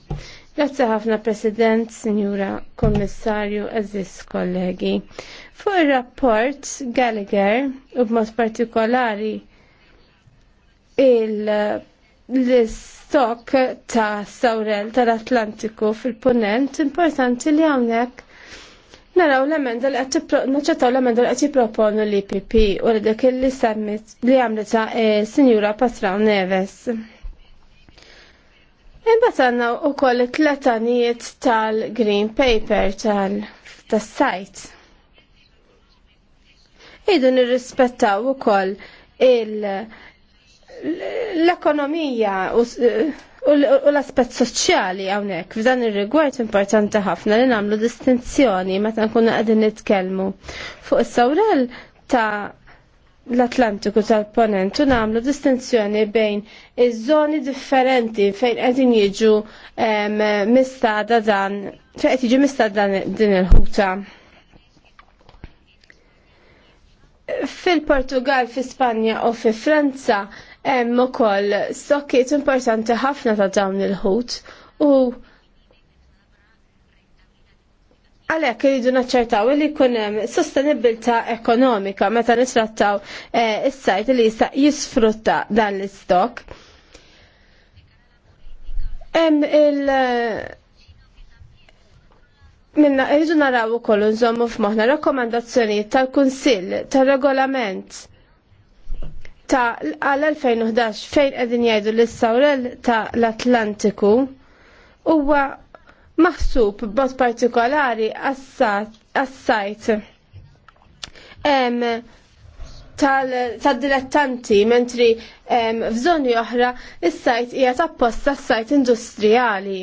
Grazzi ħafna President, Sinjura Kommissarju, Aziz kollegi. Fuq ir-rapport Gallagher u b'mod partikolari il-stock ta' sawrel tal-Atlantiku fil-ponent importanti li għawnek naraw l-emenda li naċċettaw l-emenda li għati proponu li PP u li dik li semmit li għamlita eh, Signora Patraw Neves. Imbat għanna u koll tletanijiet tal-Green Paper tal-sajt. Idu nirrispettaw u koll il- l-ekonomija u l-aspet soċjali hawnhekk f'dan ir-rigward importanti ħafna li nagħmlu distinzjoni meta nkunu qegħdin nitkellmu fuq is-sawrel ta' l-Atlantiku tal ponentu nagħmlu distinzjoni bejn iż-żoni differenti fejn qegħdin jiġu mistada dan fejn qed jiġu mistada din il-ħuta. Fil-Portugal, fi Spanja u fi Franza Hemm ukoll stokkiet importanti ħafna ta' dawn il-ħut u għalhekk iridu naċċertaw li jkun hemm sostenibilità ekonomika meta nitrattaw eh, is-sajt li jista' jisfrutta dan l-istok. Hemm il- Minna irridu naraw ukoll nżommu f'moħħna rakkomandazzjonijiet tal-Kunsill, tal-Regolament ta' għal-2011 fejn qegħdin jgħidu l sawrel ta' l-Atlantiku huwa maħsub b'mod partikolari għas-sajt tal-dilettanti mentri f'żoni oħra is-sajt hija tapposta s-sajt industrijali.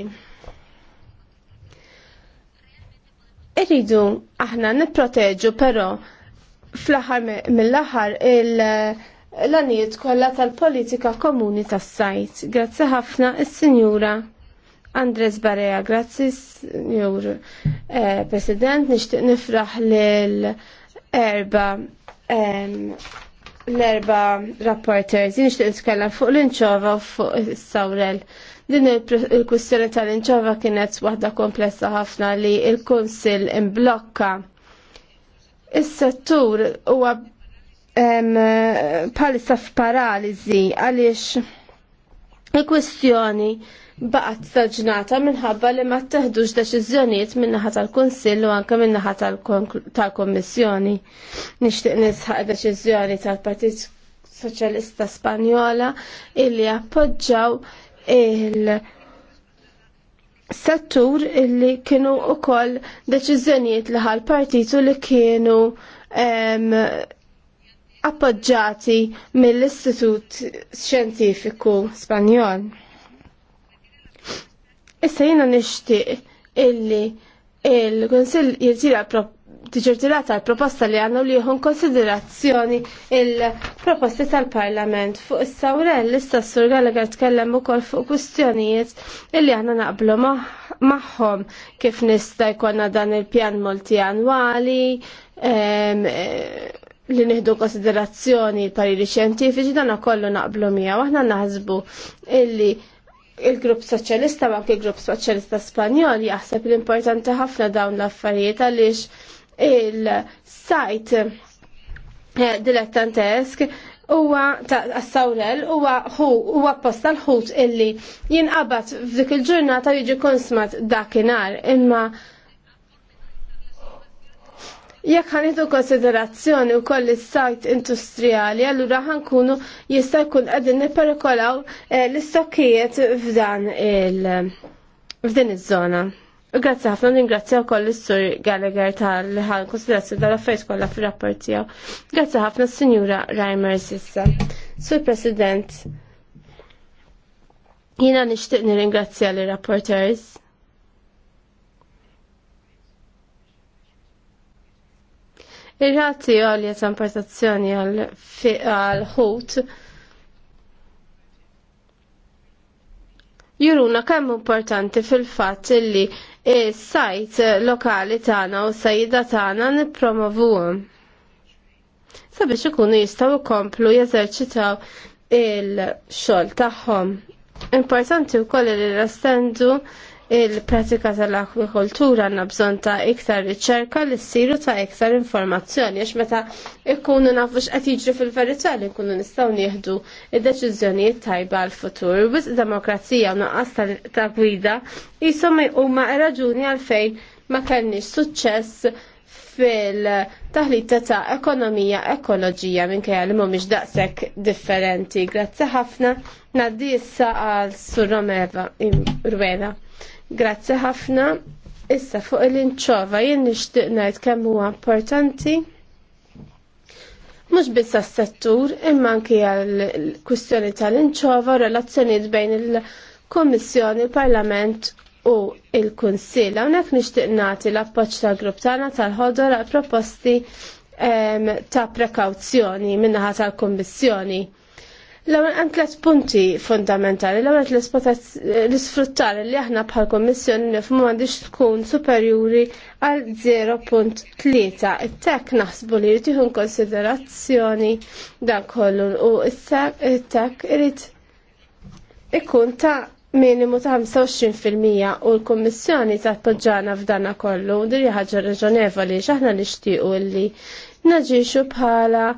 Irridu aħna nipproteġu però fl-aħħar mill-aħħar il- l-għaniet kollha tal-politika komuni tas-sajt. Grazzi ħafna is-Sinjura Andres Barea, grazzi Sinjur eh, President, nixtieq nifraħ l erba l-erba rapporters, nixtieq nitkellem fuq l-inċova u fuq is-sawrel. Din il-kwistjoni tal-inċova kienet waħda komplessa ħafna li il konsil imblokka. Is-settur huwa palissa f'paralizi għaliex il-kwestjoni baqat saġnata minħabba li ma teħdux deċiżjonijiet min-naħa tal-Kunsill u anke min-naħa tal-Kommissjoni. Nixtieq nisħaq deċiżjoni tal-Partit Soċjalista Spanjola illi appoġġaw il- settur illi kienu u koll deċiżjonijiet li partitu li kienu appoġġati mill-Istitut Scientifiku Spanjol. Issa jiena nixtieq illi il konsil jirtira tiġirtirata l-proposta li għannu li jħun konsiderazzjoni il-proposti tal-Parlament fuq is-sawrel l-issa sur kellem tkellem ukoll fuq kwistjonijiet illi għannu naqblu magħhom kif nista' jkollna dan il-pjan multi li nieħdu konsiderazzjoni pariri xjentifiċi dan kollu naqblu miegħu. Aħna naħsbu illi il-grupp soċjalista ma anke il-grupp soċjalista Spanjol jaħseb l-importanti ħafna dawn l-affarijiet għaliex il-sajt eh, dilettantesk huwa ta' assawrel huwa huwa posta l-ħut illi jinqabad f'dik il-ġurnata jiġi konsmat dakinhar imma Jekk ħanitu konsiderazzjoni wkoll is-sajt industrijali, allura ħankunu jista' jkun qegħdin nipperikolaw eh, l-istokkijiet f'dan il f'din iż-żona. Grazzi ħafna ningrazzja wkoll is-Sur Gallagher tal-ħal konsiderazzjoni tal-affarijiet kollha fir-rapport tiegħu. Grazzi ħafna s-Sinjura Reimers issa. Sur President, jiena nixtieq nirringrazzja l-rapporters Ir-rati għalja ta' importazzjoni għal-ħut juruna kemm importanti fil-fatt li s-sajt lokali tagħna u s-sajda tagħna nippromovuhom sabiex ikunu jistgħu jkomplu jeżerċitaw il-xogħol tagħhom. Importanti wkoll li rastendu il-pratika tal akwikultura għandna bżonn ta' iktar riċerka li siru ta' iktar informazzjoni għax meta ikkunu nafu x'qed jiġri fil-verità li nkunu nistgħu nieħdu id-deċiżjonijiet tajba għall futur Biss demokrazija u naqqas ta' gwida jisom huma raġuni għalfejn ma kellniex suċċess fil-taħlita ta' ekonomija ekoloġija minkejja li mhumiex daqshekk differenti. Grazzi ħafna. Naddi issa għal Sur Romeva Rueda. Grazzi ħafna. Issa fuq il-inċova jien nixtieq ngħid kemm huwa importanti mhux biss għas-settur imma anke għall-kwistjoni tal-inċova u relazzjonijiet bejn il-Kummissjoni, il-Parlament u il-Kunsill. Hawnhekk nixtieq nagħti l-appoġġ tal-grupp tagħna tal-ħodor għal proposti ta' prekawzjoni min-naħa tal-Kummissjoni. L-għan għan tlet punti fundamentali, l-għan l-sfruttar li aħna bħal kommissjoni nifhmu għandix tkun superjuri għal 0.3. Il-tek naħsbu li jtiħun konsiderazzjoni dan kollu u il-tek irrit ikun ta' minimu ta' 25% u l-Kommissjoni ta' poġġana f'dana kollu u diri ħagġa reġonevoli xaħna nixtiequ li naġixu bħala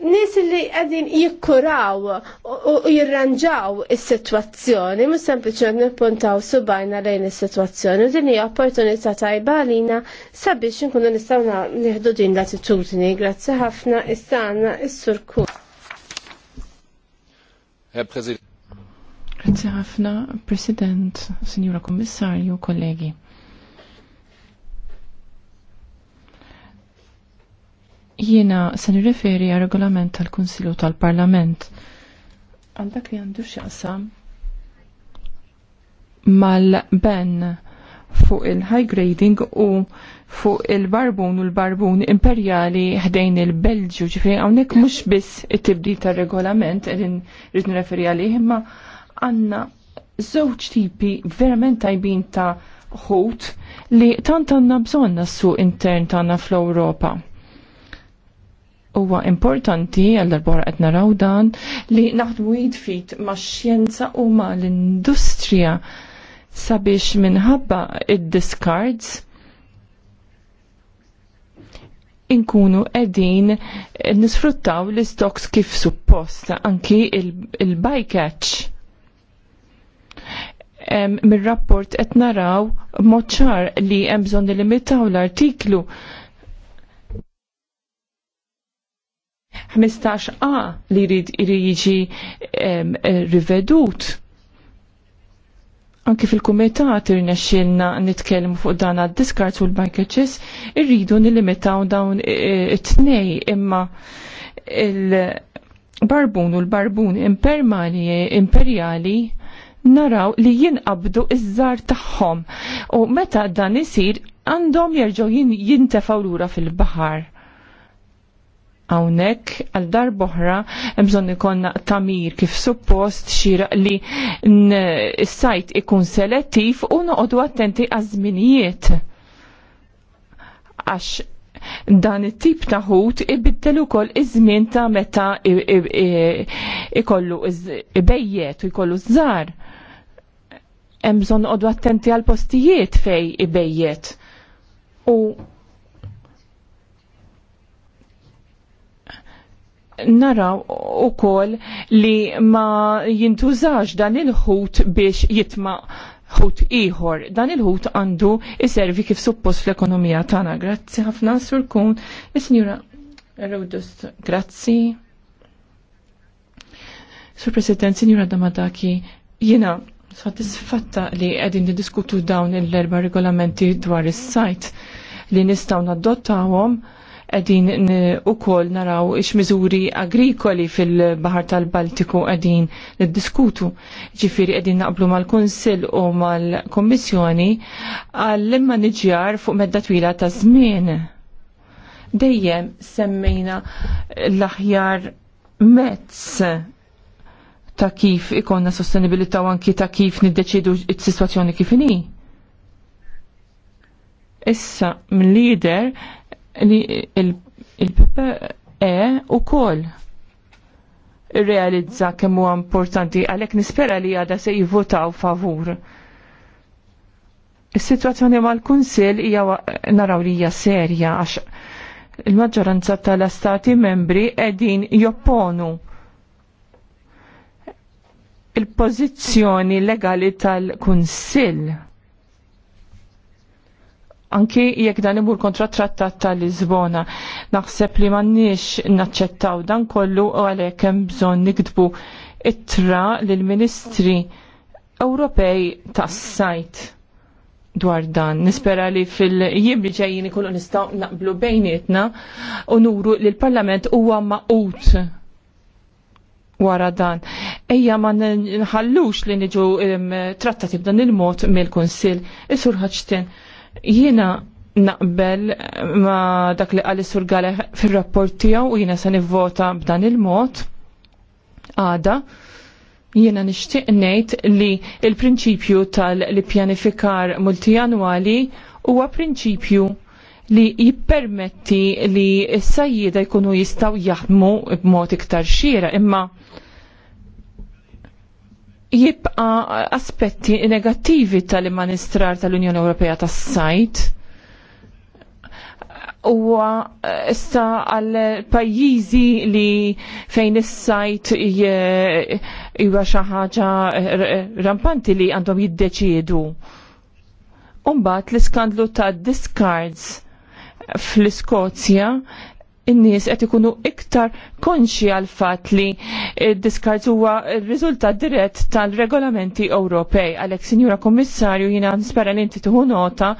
nis li għedin jikkuraw u jirranġaw il-situazzjoni, mus sempliciment nippuntaw subajna lejn il-situazzjoni, u din hija opportunità tajba għalina sabiex nkunu nistgħu nieħdu din l-attitudni. Grazzi ħafna istana is-sur Grazie Grazzi ħafna, President, Signora Kommissarju, kollegi. Jiena se nirreferi għal regolament tal-Kunsilu tal-Parlament. għandak li għandu x'jaqsam mal-ben fuq il-high grading u fuq il-barbun u l-barbun imperjali ħdejn il-Belġu ġifri għawnek mux biss it-tibdi tal regolament għedin rridn referi għalih imma għanna żewġ tipi verament tajbin ta' ħut li tant għanna bżonna su suq intern tagħna fl-Ewropa huwa importanti għall darbora qed naraw dan li naħdmu jitfit max-xjenza u ma l-industrija sabiex minħabba id-discards inkunu edin nisfruttaw l-istoks kif suppost anki il-bycatch. Il Mir-rapport qed naraw moċar li hemm bżonn limitaw l-artiklu 15a li jrid jiġi rivedut. Anki fil-kumitat xilna nitkellmu fuq dan għad diskart u l-bankaċis irridu nilimitaw dawn e, e, it-tnej imma il-barbun u l-barbun imperjali naraw li jinqabdu iż-żar tagħhom u meta dan isir għandhom jerġgħu jintefaw lura fil-baħar hawnhekk għal dar boħra bżonn ikon tamir kif suppost xira li s-sajt ikun selettiv u noqogħdu attenti għaż-żminijiet. Għax dan it-tip ta' ħut ibiddel ukoll iż-żmien ta' meta ikollu bejjet u jkollu żżar. Hemm bżonn noqogħdu attenti għal postijiet fej ibejjet. U naraw u kol li ma jintużax dan il-ħut biex jitma ħut iħor. Dan il-ħut għandu iservi kif suppost fl-ekonomija tagħna. Grazzi ħafna sur kun. Is-Sinjura Rudus, grazzi. Sur President, Sinjura Damadaki, jiena satisfatta li qegħdin diskutu dawn l-erba regolamenti dwar is-sajt li nistgħu naddottawhom qegħdin ukoll naraw x'miżuri agrikoli fil-Baħar tal-Baltiku qegħdin niddiskutu. Ġifiri qegħdin naqblu mal-Kunsill u mal-Kommissjoni għall nġjar fuq medda twila ta' żmien. Dejjem semmejna l-aħjar mezz ta' kif ikonna sostenibilità u anki ta' kif niddeċidu s-situazzjoni kif inhi. Issa, mill-lider, il-PPE u kol realizza kemm huwa importanti għalhekk nispera li għada se jivvotaw favur. Is-sitwazzjoni mal-Kunsill hija naraw li hija serja għax il-maġġoranza tal-Stati membri qegħdin jopponu il-pożizzjoni legali tal-Kunsill anki jekk dan imur kontra trattat ta' Lisbona. Naħseb li m'għandniex naċċettaw dan kollu u għalhekk hemm bżonn nikdbu tra lill ministri Ewropej tas-sajt dwar dan. Nispera li fil jim li ġejjin ikunu nistgħu naqblu bejnietna u nuru li l-Parlament huwa maqut wara dan. Ejja ma nħallux li niġu trattati b'dan il-mod mill-Kunsill. Isur sur Ħaġtin Jiena naqbel ma dak li għalli surgale fil-rapport tijaw u jiena se nivvota b'dan il-mod għada jiena nixtieq ngħid li il-prinċipju tal-pjanifikar multijanwali huwa prinċipju li jippermetti li s-sajjida jkunu jistaw jaħdmu b'mod iktar xira imma jibqa aspetti negattivi tal-immanistrar tal-Unjoni Ewropea tas-sajt huwa eh, issa għal pajjiżi li fejn is-sajt huwa xi ħaġa eh, rampanti li għandhom jiddeċiedu. Umbagħad l-iskandlu ta' discards fl-Iskozja in-nies qed ikunu iktar konxi għal fatt li diskart huwa r-riżultat dirett tal-regolamenti Ewropej. Għalhekk, Sinjura Kommissarju, jiena nispera li inti tieħu nota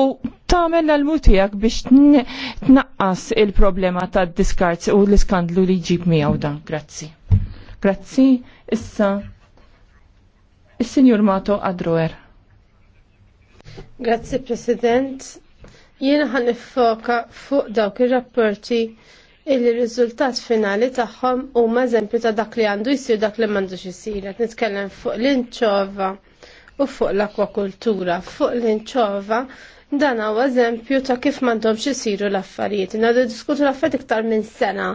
u tagħmel l-almu tiegħek biex tnaqqas il-problema tad-diskart u l-iskandlu li jġib miegħu dan. Grazzi. Grazzi. Issa is-Sinjur Mato Adroer. Grazzi President Jiena ħan nifoka fuq dawk ir-rapporti illi r-riżultat finali tagħhom huma eżempju ta' dak li għandu jsir dak li m'għandux isir. Qed nitkellem fuq l-inċova u fuq l-akwakultura. Fuq l-inċova Dan huwa eżempju ta' kif m'għandhomx isiru l-affarijiet. Nagħdu diskutu l-affarijiet iktar minn sena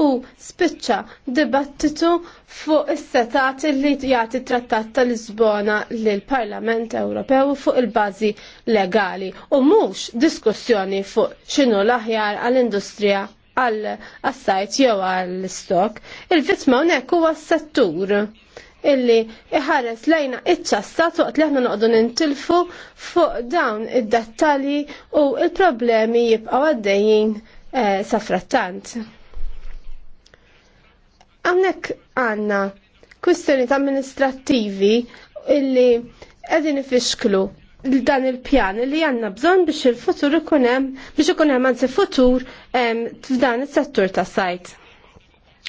u spiċċa dibattitu fuq is-setat li jagħti trattat tal-Lisbona lil Parlament Ewropew fuq il-bażi legali u mhux diskussjoni fuq x'inhu l-aħjar għall-industrija għall-assajt jew għall-stok. Il-vittma hawnhekk huwa s-settur illi iħares lejna iċċassat waqt li aħna noqdu nintilfu fuq dawn id-dettali u il-problemi jibqaw għaddejjin eh, safrattant. Għannek għanna kwistjoni amministrativi illi għedin ifixklu dan il-pjan li għanna bżon biex il-futur ikunem, biex ikunem għanzi futur f'dan il-settur ta' sajt.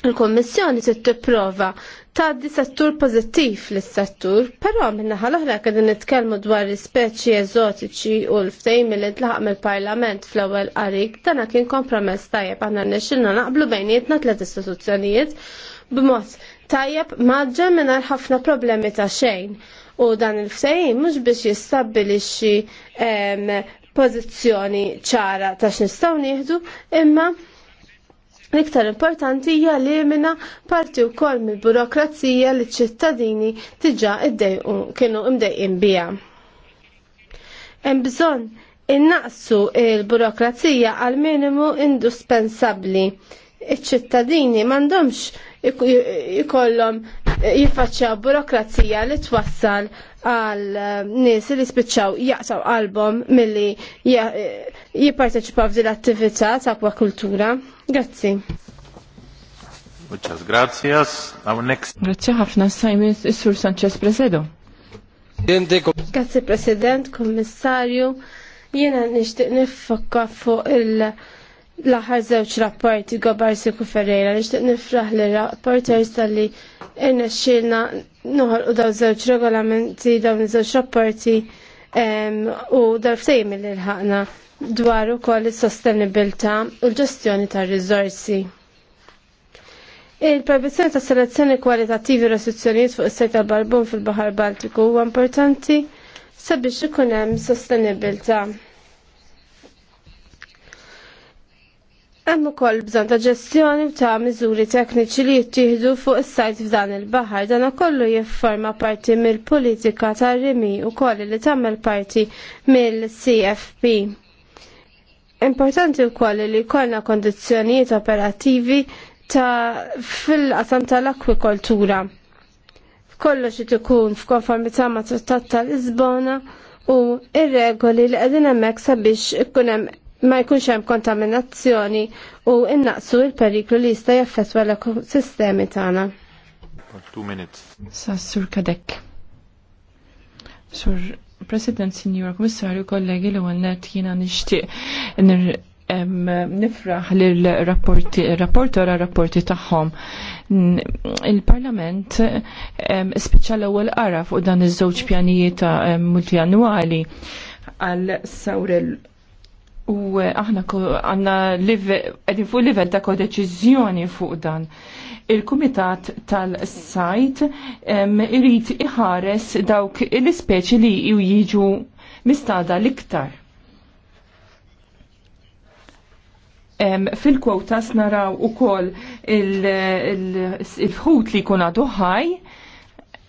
Il-Kommissjoni trid tipprova di settur pożittiv lis-settur, però minna l-oħra qegħdin nitkellmu dwar rispeċi ispeċi eżotiċi u l-ftehim li tlaħaq mill-Parlament fl-ewwel qarik, dan kien kompromess tajjeb aħna nixxilna naqblu bejnietna tlet istituzzjonijiet b'mod tajjeb maġġa mingħajr ħafna problemi ta' xejn. U dan il-ftehim mhux biex jistabbilixxi pożizzjoni ċara ta' x'nistgħu nieħdu, imma L-iktar importanti hija li minna parti wkoll mill-burokrazija li ċ-ċittadini diġà iddejqu kienu imdejqin biha. Hemm bżonn innaqsu l-burokrazija għal minimu indispensabbli. Iċ-ċittadini m'għandhomx jikollom eh, jiffaċċjaw burokrazija li twassal għal eh, nis li spiċċaw jaqsaw album milli eh, jipparteċipaw f'din l-attività ta' kwa kultura. Grazzi. Muchas gracias. Our next. Grazie ħafna Simon Isur Sanchez Presedo. Grazie President, Kommissarju. Jena nishtiq nifokka fuq il- l-aħħar żewġ rapporti Gobar Siku Ferreira li xtieq nifraħ li rapporters tal-li nuħal u daw żewġ regolamenti dawn iż-żewġ rapporti u darftejn li ħaqna dwar ukoll is-sostenibilità u l-ġestjoni tar-riżorsi. Il-proibizzjoni ta' selezzjoni kwalitattivi u restrizzjonijiet fuq is-sejt tal-Barbun fil-Baħar Baltiku huwa importanti sabiex ikun hemm sostenibilità. Hemm ukoll bżonn ta' ġestjoni ta' miżuri tekniċi li jittieħdu fuq is-sajt f'dan il-baħar. Dan kollu jifforma parti mill-politika tar rimi ukoll li tagħmel parti mill-CFP. Importanti wkoll li jkollna kondizzjonijiet operattivi ta' fil-qasam tal-akwikoltura. Kollox ikun f'konformità ma' Trattat tal-Lisbona u ir-regoli li qegħdin hemmhekk sabiex ikun hemm ma jkunx hemm kontaminazzjoni u innaqsu il-periklu li jista' jaffettwa l-ekosistemi tagħna. Two minutes. Sa Sur Kadek. Sur President, Sinjura Kommissarju kollegi li għannet jiena nixtieq nifraħ l-rapportora rapporti tagħhom. Il-Parlament spiċċa l-ewwel qara fuq dan iż-żewġ pjanijiet multianwali għal sawrel U eh, aħna għanna għedin fuq livell ta' kodeċizjoni fuq dan. Il-Kumitat tal-Sajt irrit iħares dawk l-ispeċi li jiġu mistada l-iktar. Fil-kwotas naraw u kol il-ħut li kuna għadu ħaj,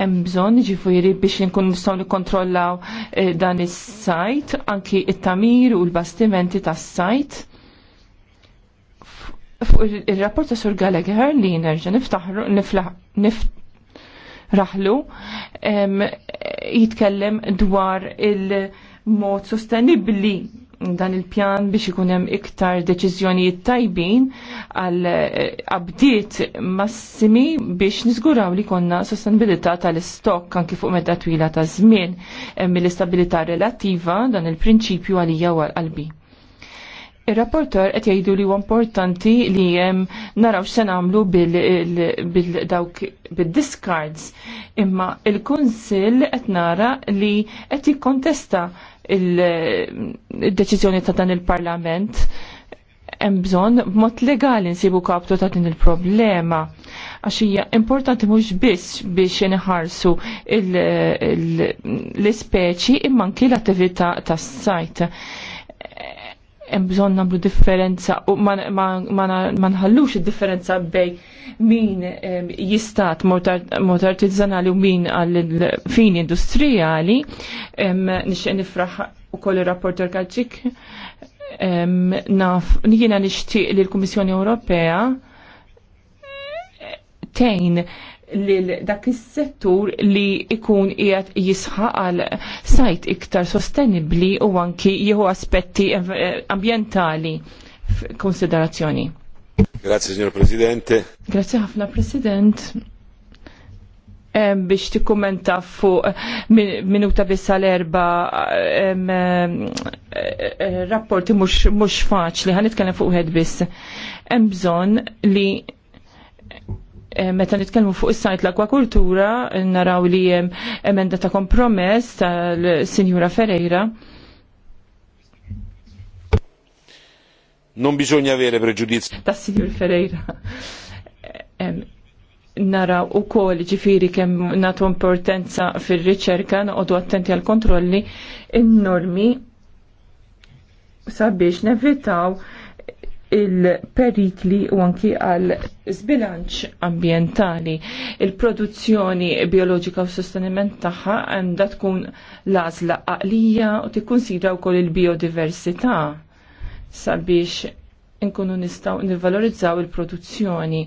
hemm bżonn ġifieri biex inkun nistgħu nikkontrollaw eh, dan is-sajt, anki it-tamir u l-bastimenti tas-sajt. Fuq ir-rapport ta' Sur Gallagher li nerġa' niftaħru nifraħlu jitkellem dwar il- mod sostenibli dan il-pjan biex ikun hemm iktar deċiżjonijiet tajbin għal eh, abdiet massimi biex niżguraw li konna sostenibilità tal-istokk anki fuq medda twila ta' żmien eh, mill-istabilità relattiva dan il-prinċipju għalija għal qalbi. Ir-rapporter qed jgħidu li huwa importanti li hemm naraw se nagħmlu bil-dawk bil-discards imma il-Kunsill qed nara li qed jikkontesta il-deċizjoni ta' dan il-parlament hemm bżonn b'mod legali nsibu kaptu ta' din il-problema. Għax hija importanti mhux biss biex inħarsu l-ispeċi imma anki l-attività tas-sajt hemm bżonn nagħmlu differenza u ma nħallux id-differenza bej min jistat mod artizzanali u min għal fin industrijali nixtieq nifraħ ukoll ir-rapporter Kalċik naf jiena nixtieq li l-Kummissjoni Ewropea tejn lil dak is-settur li ikun qiegħed jisħaq għal sajt iktar sostenibbli u anki jieħu aspetti eh, ambjentali f'konsiderazzjoni. Grazie, signor Presidente. Grazie ħafna, President. biex tikkumenta fuq minuta bissa l-erba eh, eh, rapporti mhux faċli, ħan fuq wieħed biss. Hemm bżonn li Eh, meta nitkellmu fuq is-sajt l-akwakultura naraw li hemm emenda ta' kompromess tal-Sinjura Ferreira. Non bisogna avere pregiudizi. Ta' Sinjur Ferreira. Eh, naraw u kol ġifiri kem natu importanza fil-riċerka, noqodu attenti għal-kontrolli, il-normi sabiex nevitaw il-perikli u anki għal sbilanċ ambientali. Il-produzzjoni biologika u sosteniment tagħha għandha tkun lażla għalija u tikkunsidra wkoll il-biodiversità sabiex nkunu nistaw nivvalorizzaw il-produzzjoni.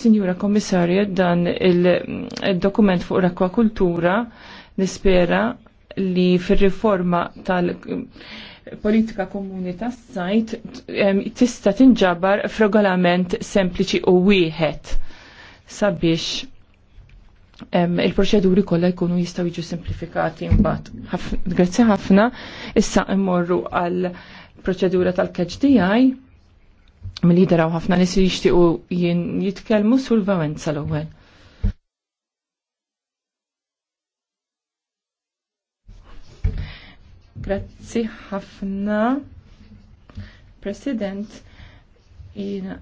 Sinjura Kommissarju, dan il-dokument fuq l-akwakultura nispera li fil-riforma tal- politika komuni tas sajt tista' tinġabar f'regolament sempliċi u wieħed sabiex il-proċeduri kollha jkunu jistgħu jiġu simplifikati mbagħad. Grazzi ħafna, issa immorru għal proċedura tal-catch DI mill-li daraw ħafna nies jixtiequ jien jitkellmu sul Valenza l-ewwel. Grazzi ħafna. President, jina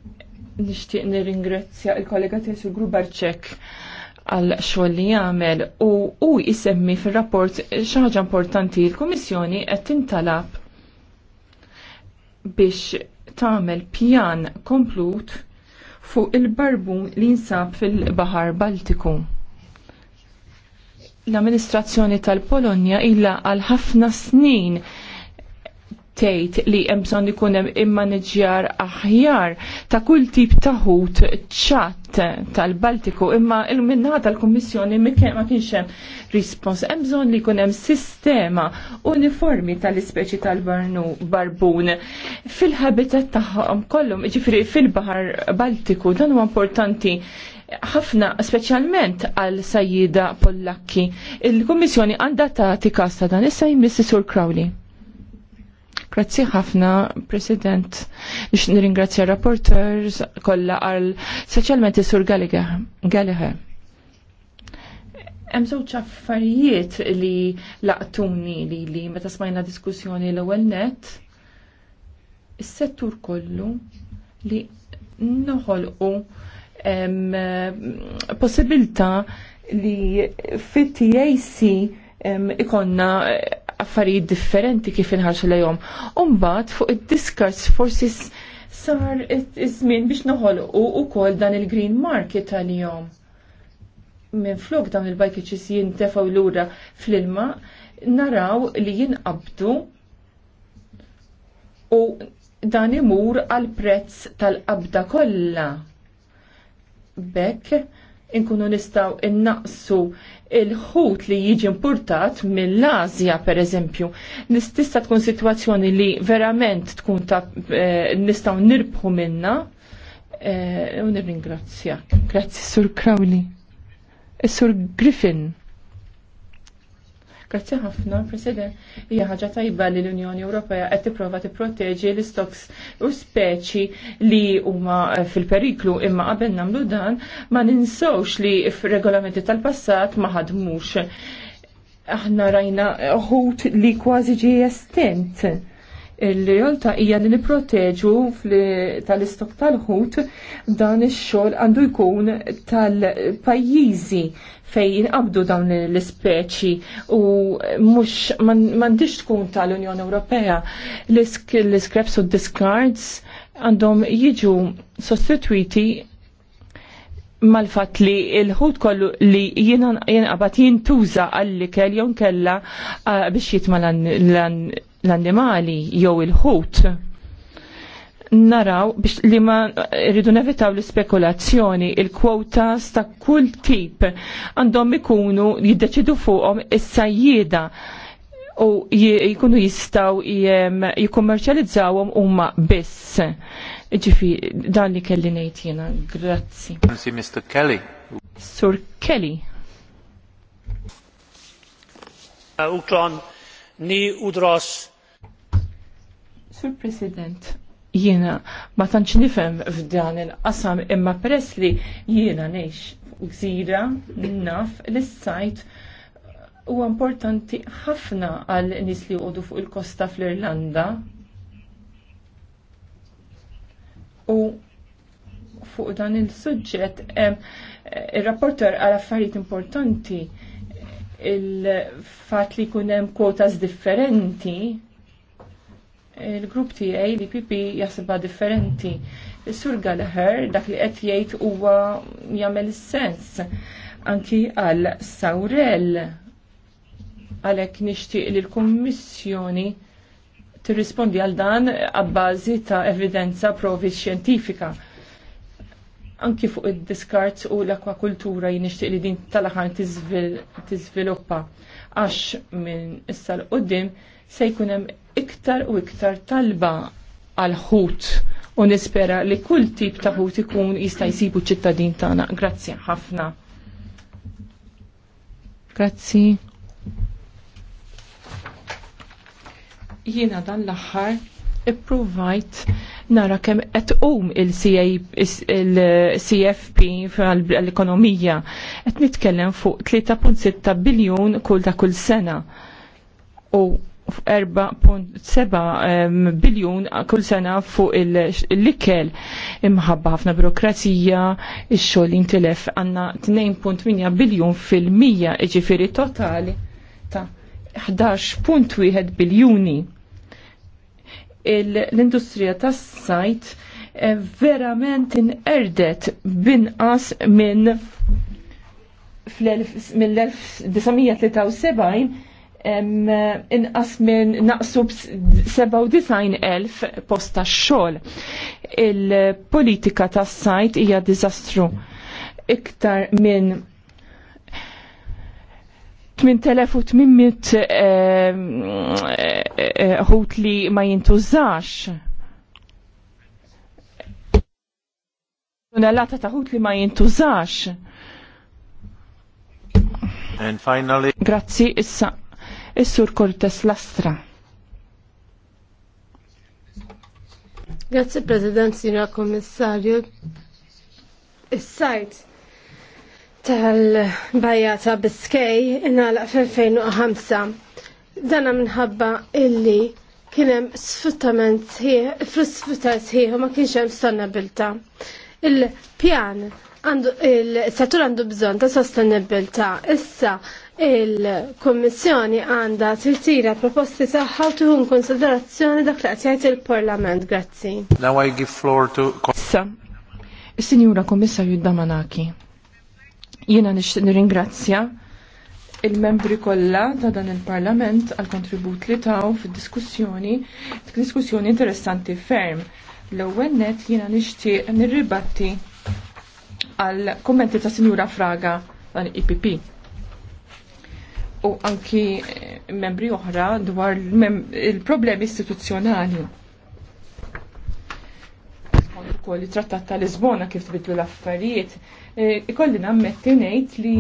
nishtiq nir-ingrazzja il-kollega tiegħu Grubarczek għal xogħol li jagħmel u hu jisemmi fir-rapport xi ħaġa importanti l-Kummissjoni qed tintalab biex tagħmel pjan komplut fuq il-barbun li nsab fil-Baħar Baltiku l-amministrazzjoni tal-Polonja illa għal ħafna snin tgħid li hemm bżonn ikun hemm immaneġjar aħjar ta' kull tip ta' ħut ċatt tal-Baltiku imma il-minna tal-Kummissjoni ma kienx hemm rispons. Hemm bżonn li jkun hemm sistema uniformi tal-ispeċi tal-barbun fil-habitat tagħhom kollhom, jiġifieri fil-Baħar Baltiku dan huwa importanti ħafna speċjalment għal sajjida Pollakki. Il-Kummissjoni għandha tagħti każ ta' dan issa jmissi Sur Crowley. Grazzi ħafna, President. Nix nirringrazzja rapporters kollha għal speċjalment is-Sur Gallagher. Hemm żewġ affarijiet li laqtuni li li meta smajna diskussjoni l-ewwel net. Is-settur kollu li noħolqu possibilità li fit-TAC ikonna eh, affarijiet differenti kif inħarsu lejhom. Umbagħad fuq id-diskars forsi sar iż-żmien biex noħolqu wkoll dan il-green market tal-jom. Minn flok dawn il-bajkiċis jintefgħu lura fl-ilma naraw li jinqabdu u dan imur għal prezz tal-qabda kollha bekk inkunu nistaw innaqsu il-ħut li jiġi importat mill-Azja per eżempju. Nistista tkun situazzjoni li verament tkun ta' eh, nistaw nirbħu minna. Eh, u nirringrazzjak. Grazzi Sur Crowley. Eh, Sur Griffin. Grazzi ħafna, President, hija ħaġa tajba li l-Unjoni Ewropea qed tipprova tipproteġi l-istoks u speċi li huma fil-periklu imma qabel nagħmlu dan ma ninsewx li f'regolamenti tal-passat ma ħadmux aħna rajna ħut li kważi ġie estent Il-realtà hija li nipproteġu tal-istok tal-ħut dan ix-xogħol għandu jkun tal-pajjiżi fejn jinqabdu dawn l-ispeċi u mhux m'għandix tkun tal-Unjoni Ewropea l-scraps u discards għandhom jiġu sostituiti mal-fat li il-ħut kollu li jinqabat jintuża għall-ikel jew kella biex jitma l l-annimali jew il-ħut naraw biex li ma rridu nevitaw l-spekulazzjoni, il kwota ta' kull tip għandhom ikunu jiddeċidu fuqhom is-sajjieda u jikunu jistaw jikkommerċjalizzawhom huma biss. Ġifi, dan li kelli ngħid jiena, grazzi. Mr. Kelly. Sur Kelly. Uh, ni udros. Sur President, jiena ma tantx nifhem f'dan il-qasam imma peress li jiena ngħix gżira naf li s-sajt huwa importanti ħafna għal nies li jqogħdu fuq il-kosta fl-Irlanda. U fuq dan il-suġġett ir-rapporter għal affarijiet importanti il-fat li kunem kotas differenti, il-grupp tiegħi li pipi jasibba differenti. Sur Gallagher dak li qed jgħid huwa jagħmel sens anki għal Saurel, għalhekk nixtieq li l-Kummissjoni tirrispondi għal dan għabbażi ta' evidenza provi xjentifika anki fuq id-diskart u l-akwakultura nixtieq li din tal-aħħar tiżviluppa għax minn issa l-qoddim se jkun hemm iktar u iktar talba għal ħut u nispera li kull tip ta' ħut ikun jista' jsibu ċittadin tagħna. Grazzi ħafna. Grazzi. Jiena dan l-aħħar ippruvajt nara kemm qed um il-CFP il-CFP l ekonomija Qed nitkellem fuq 3.6 biljun kull ta' kull sena u 4.7 biljun kull sena fuq l-ikel imħabba ħafna burokrazija, ix-xogħol intilef għandna 2.8 biljun fil-mija ġifieri totali ta' 11.1 biljuni l-industrija tas-sajt verament inqerdet binqas minn mill-1973 inqas minn naqsu b-97,000 posta xogħol. Il-politika tas-sajt hija diżastru iktar minn 8800 ehm, eh, eh, ħut li ma jintużax. Tunellata ta' ħut li ma jintużax. And finally. Grazzi, issa. Is-sur Cortes Lastra. Grazzi President, Sina Kommissarju. Is-sajt tal-bajja ta' Biskej nalaq fil-2005. Dana minħabba illi kienem sfruttament sħiħ, frusfruttat sħiħ ma kienx hemm sostenibilità. Il-pjan għandu il-settur għandu bżonn ta' sostenibilità. Issa il-Kommissjoni għandha tirtira proposti tagħha u tieħu konsiderazzjoni dak li qed jgħid il-Parlament. Grazzi. Now I give floor to Issa, is-Sinjura Kommissarju Damanaki. Jiena nix nirringrazzja il-membri kollha ta' dan il-Parlament għal kontribut li taw fid-diskussjoni, diskussjoni interessanti ferm. L-ewwel net jiena nixtieq nirribatti għal kommenti ta' Sinjura Fraga dan IPP. U anki membri oħra dwar il-problemi istituzzjonali ukoll trattat ta' Lisbona kif tbidlu l-affarijiet, e, ikolli nammetti ngħid li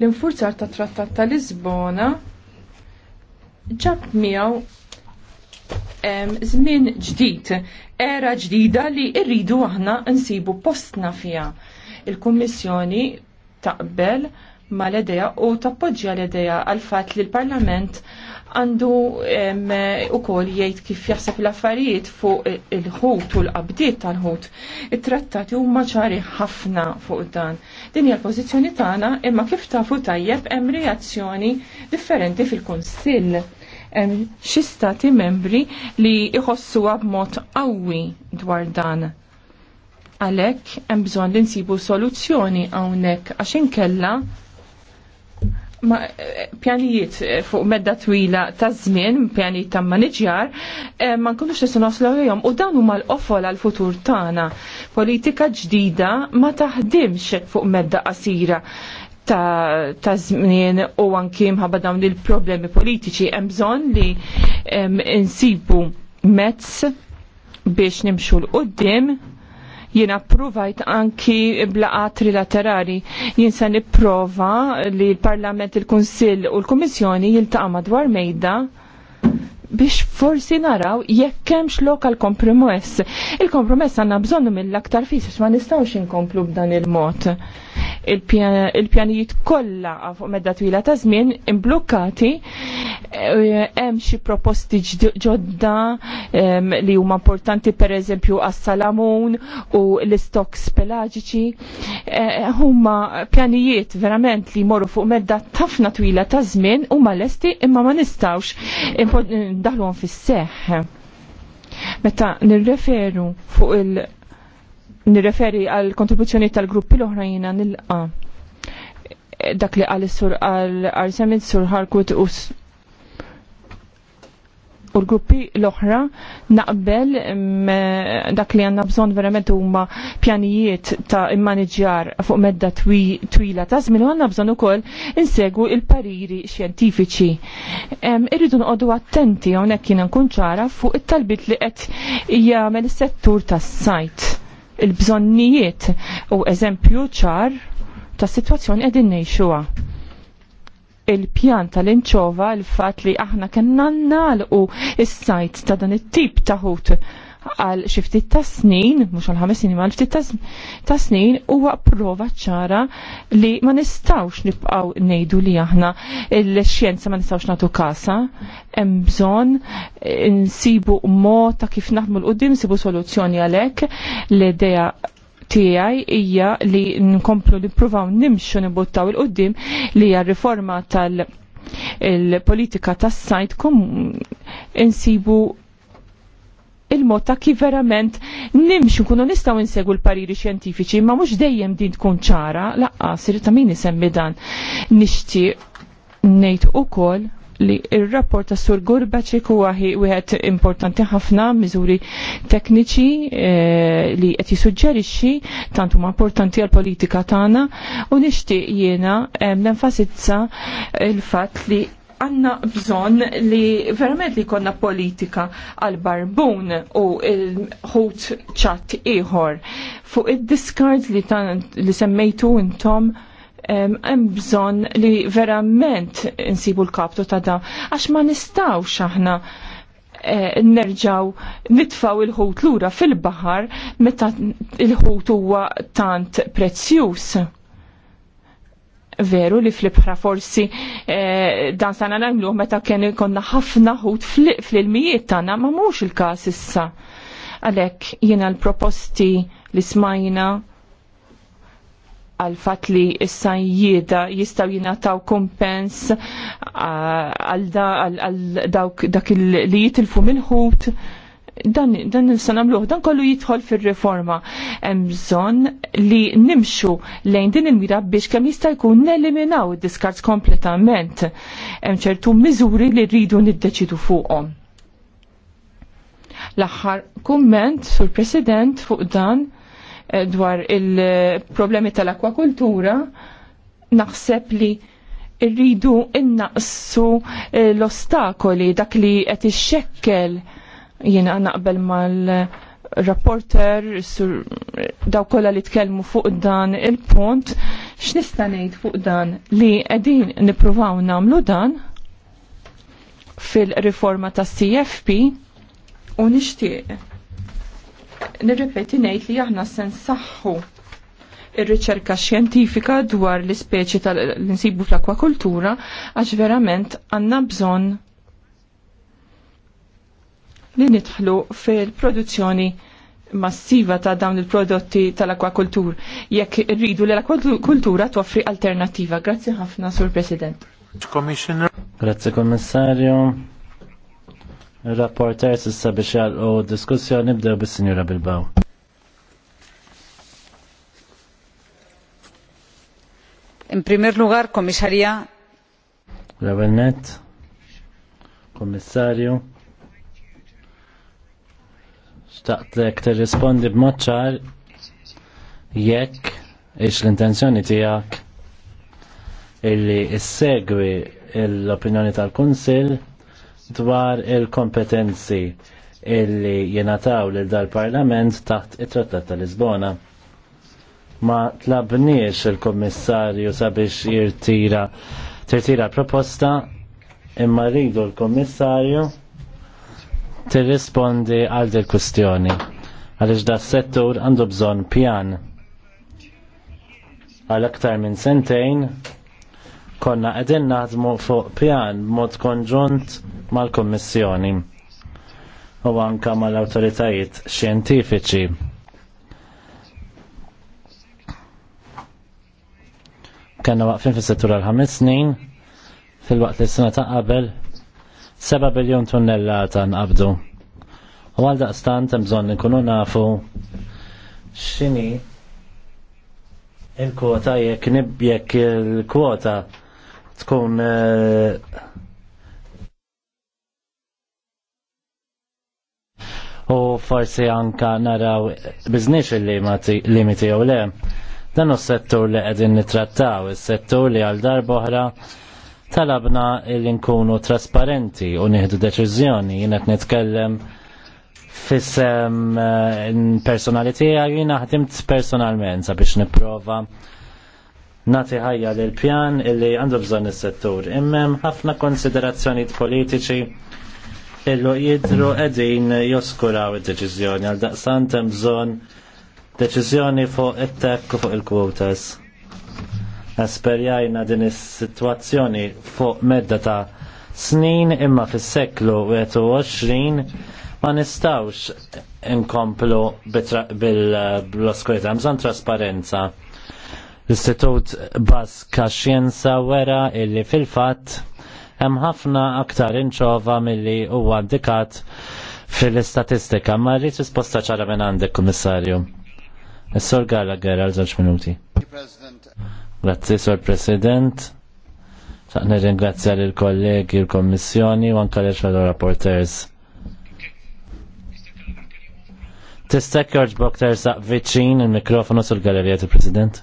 l-infurzar ta' Trattat ta' Lisbona ġab miegħu żmien ġdid, era ġdida li rridu aħna nsibu postna fiha. Il-Kummissjoni taqbel ma l-edeja u tappoġġja l-edeja għal fatt li l-Parlament għandu u kol jgħid kif jaħseb l-affarijiet fuq il-ħut u l-qabdiet tal-ħut. Il-trattati huma ċari ħafna fuq dan. Din hija l-pożizzjoni tagħna imma kif tafu tajjeb hemm reazzjoni differenti fil-Kunsill xi stati membri li jħossuha b'mod qawwi dwar dan. Għalhekk hemm bżonn li nsibu soluzzjoni hawnhekk għax inkella ma pjanijiet eh, fuq medda twila ta' żmien, pjanijiet ta' maniġjar, eh, ma nkunux nisu noslu jom u dan huma l-qofol għal futur tagħna. Politika ġdida ma taħdimx fuq medda qasira ta', ta żmien u anki mħabba dawn il-problemi politiċi hemm bżonn li insibu mezz biex nimxu l-qoddim Jiena provajt anki blaqat trilaterali. Jien se nipprova li l-Parlament, il-Kunsill u l-Kummissjoni jiltaqa' madwar mejda biex forsi naraw jekk hemmx lokal kompromess. Il-kompromess għandna bżonnu mill-aktar fis ma nistgħux inkomplu b'dan il-mod il-pjanijiet kollha fuq medda twila ta' żmien imblukkati eh, hemm xi proposti ġodda li huma importanti pereżempju għas-salamun u l-istoks pelagiċi eh, huma pjanijiet verament li jmorru fuq medda tafna twila ta' żmien huma lesti imma ma nistawx daħluhom fis-seħħ. Meta nirreferu fuq il- nirreferi għal kontribuzzjoni tal-gruppi l nil-qa. dak li għal sur għal arsemit sur ħarkut u u l-gruppi l-oħra naqbel dak li għanna bżon verament huma pjanijiet ta' immanġjar fuq medda twila ta' żmien u għanna bżon ukoll insegu il-pariri xjentifiċi. Irridu nqogħdu attenti hawnhekk kien nkun ċara fuq it-talbit li qed jagħmel is-settur tas-sajt il-bżonnijiet u eżempju ċar ta' situazzjoni qegħdin ngħixuha. Il-pjan tal-inċova l-fatt li aħna kellna nagħlqu is-sajt ta' dan it-tip ta' ħut għal xiftit ta' snin, mux għal ħames snin, għal xiftit ta' snin, huwa prova ċara li ma nistawx nibqaw nejdu li aħna l-xjenza ma nistawx natu kasa, bżon eh, nsibu mod ta' kif naħdmu l-qoddim, nsibu soluzzjoni għalek l-ideja tiegħi hija li nkomplu li pruvaw nimxu nibuttaw il-qoddim li hija riforma tal- politika tas-sajt kum insibu il-mod ta' kif verament nimxu kunu nistaw insegu l-pariri xjentifiċi, ma mux dejjem din tkun ċara, laqqa sir ta' min isemmi dan. nishti nejt u kol li il-rapport ta' Sur Gurbaċik huwa wieħed importanti ħafna miżuri tekniċi eh, li qed jisuġġerixxi tant huma importanti għal politika tagħna u nixtieq jiena l-enfasizza eh, il-fatt li għanna bżon li verament li konna politika għal-barbun u il-ħut ċat iħor. Fuq il-discards li, li semmejtu intom hemm bżon li verament insibu l-kaptu ta' da għax ma nistaw aħna eh, nerġaw nitfaw il-ħut lura fil-bahar meta il-ħut huwa tant prezzjuż veru li flibħra forsi eh, dan sana namlu meta kien ikonna ħafna ħut fl-ilmijiet tagħna ma mhux il-każ issa. Għalhekk jiena l-proposti li smajna għal fat li issa jieda jistaw taw kumpens eh, għal dak li jitilfu mill-ħut dan, dan nisa nagħmluh, dan kollu jidħol fir-riforma hemm bżonn li nimxu lejn din il-mira biex kemm jista' jkun neliminaw id diskards kompletament. Hemm ċertu miżuri li rridu niddeċidu fuqhom. L-aħħar kumment sur President fuq dan eh, dwar il-problemi tal-akwakultura naħseb li rridu innaqsu eh, l-ostakoli dak li qed ixxekkel Jiena naqbel mal-rapporter sur daw kollha li tkellmu fuq dan il-punt, x'nista' ngħid fuq dan li qegħdin nippruvaw nagħmlu dan fil-riforma tas CFP u nixtieq Nirripeti ngħid li aħna se nsaħħu ir-riċerka xjentifika dwar l-ispeċi tal-insibu fl-akwakultura għax verament għandna bżonn li nidħlu fil-produzzjoni massiva ta' dawn il-prodotti tal-akwakultur, jekk rridu li l-akwakultura toffri alternativa. Grazzi ħafna, Sur President. Grazzi Kommissarju. Rapporter sissa biex u diskussjoni bdew bis-Sinjura Bilbao. In primer lugar, Komissarja. Ravelnet, Kommissarju t tirrispondi b ċar jekk ix l-intenzjoni tiegħek illi issegwi l-opinjoni tal kunsil dwar il-kompetenzi illi jenataw lil dal-Parlament taħt it-Trattat tal-Lisbona ma tlabniex il-kommissarju sabiex jirtira tirtira proposta imma rridu l-kommissarju tirrispondi għal dil kustjoni għaliex da settur għandu bżonn pjan. Għal aktar minn sentejn konna qegħdin naħdmu fuq pjan b'mod konġunt mal-Kommissjoni u anka mal-awtoritajiet xjentifiċi. Kanna waqfin fis-settur għal ħames snin fil-waqt li s-sena ta' qabel 7 biljon tunnellata nqabdu. U għal daqstant bżonn nkunu nafu x'ini il-kwota jekk jekk il-kwota tkun eh, u forsi anka naraw biznix il-limiti u le. Dan u settur li għedin nitrattaw, il-settur li għal darboħra talabna illi nkunu trasparenti u nieħdu deċiżjoni jien qed nitkellem fissem eh, personali tiegħi jiena ħdimt personalment sabiex nipprova nati ħajja lil pjan illi għandu bżonn is-settur. Immem ħafna konsiderazzjonijiet politiċi illu jidru qegħdin joskuraw id-deċiżjoni għal daqsan hemm bżonn deċiżjoni fuq it-tek u fuq il-kwotas esperjajna din is-sitwazzjoni fuq medda ta' snin imma fis-seklu 20 ma nistawx inkomplu bil oskurita mżan trasparenza. L-Istitut Baska Xjenza wera illi fil-fatt hemm ħafna aktar inċova milli huwa indikat fil-istatistika, ma rrid risposta ċara minn għandek, Kummissarju. Is-Sor Gallagher għal żewġ minuti. Grazzi, Sor President. Saqna ringrazzja l kollegi l kommissjoni u anka l rapporters. Tista' George Bokter saq viċin il-mikrofonu sul-galerija tal President.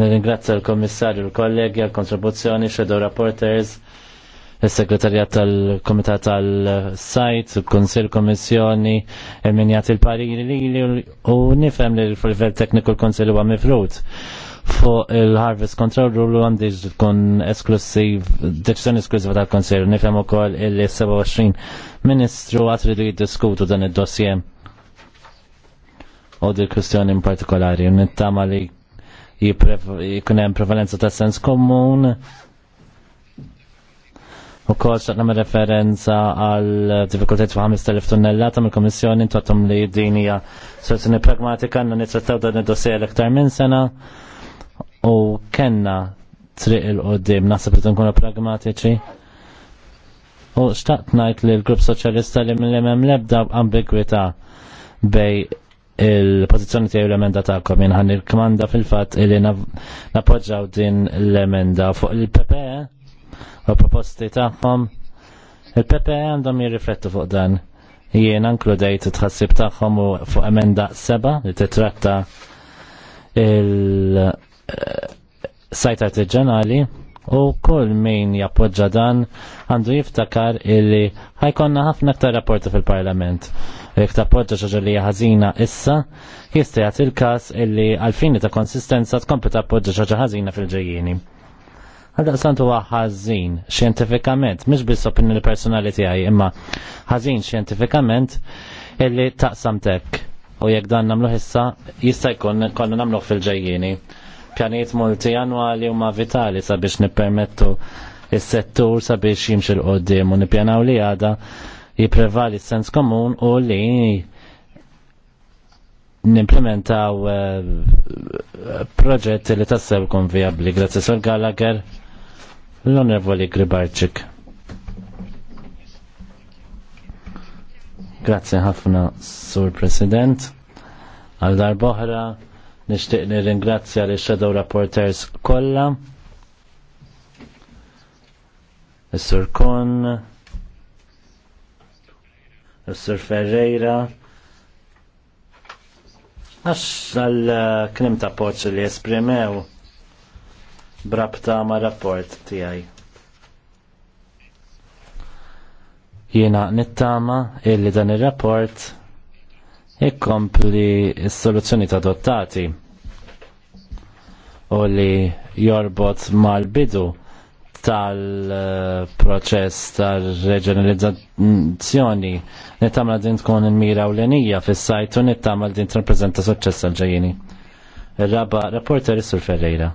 Nirringrazzja l-Kommissarju l-kollegi għal-kontribuzzjoni shadow rapporters il-segretarjat tal-Komitat tal-Sajt, il-Konsil Komissjoni, il-Minjat il-Pariri li u nifem li l-Fulver Tekniku l-Konsil huwa mifrut fuq il-Harvest Control Rule għandix tkun esklusiv, deċizjoni esklusiva tal nifem nifhem ukoll il-27 Ministru għat ridu jiddiskutu dan id-dossier u di in partikolari, nittama li jikunem hemm prevalenza ta' sens komun U kol xaqna referenza għal diffikultajt fuq 5.000 tunnellata mill komissjoni intu li din hija soluzzjoni pragmatika għandna nittrattaw dan id-dossier l-iktar minn sena u kenna triq il-qoddim, nasib li nkunu pragmatiċi. U xtaqt najt li l-Grupp Soċjalista li mill hemm lebda ambigwita bej il-pozizjoni tiegħu l-emenda tagħkom jinħan il-kmanda fil-fatt li napoġġaw din l-emenda fuq il-PPE u proposti tagħhom. Il-PPE għandhom jirriflettu fuq dan. Jiena nkludejt it-tħassib tagħhom u fuq emenda seba li titratta il- sajt artiġanali u kull min jappoġġa dan għandu jiftakar illi ħajkonna ħafna aktar rapporti fil-parlament. Jek tappoġġa xaġa li ħażina issa, jista' jagħti il-każ illi għalfini ta' konsistenza tkompli tappoġġa xaġa ħażina fil ġejjini Għadda santu ħażin xjentifikament, mish biss opinjoni personali tiegħi, imma ħażin xjentifikament illi taqsam tek. U jekk dan nagħmlu issa jista' jkun konna nagħmluh fil ġejjini pjanijiet multi annwali huma vitali sabiex nippermettu is-settur sabiex jimxil d-dim u nippjanaw li għada jiprevali sens komun u li nimplementaw eh, proġetti li tassew kun viabli. Grazie Sor Gallagher, l onervoli Gribarczyk. Grazie ħafna, Sur President, għal darboħra. Nishtiq nir-ringrazzja li shadow rapporters kolla. Is-Sur Kon, is-Sur Ferreira, Għax għal-klim uh, ta' poċ li esprimew brabta ma' rapport tijaj. Jiena nittama illi dan il-rapport ikkompli s-soluzzjoni ta' dottati u li jorbot mal-bidu tal-proċess tal-reġenerizzazzjoni nittamla din tkun il-mira u l-enija fil-sajtu nittamla din t-reprezenta suċċess tal Il-raba reporter Sur Ferreira.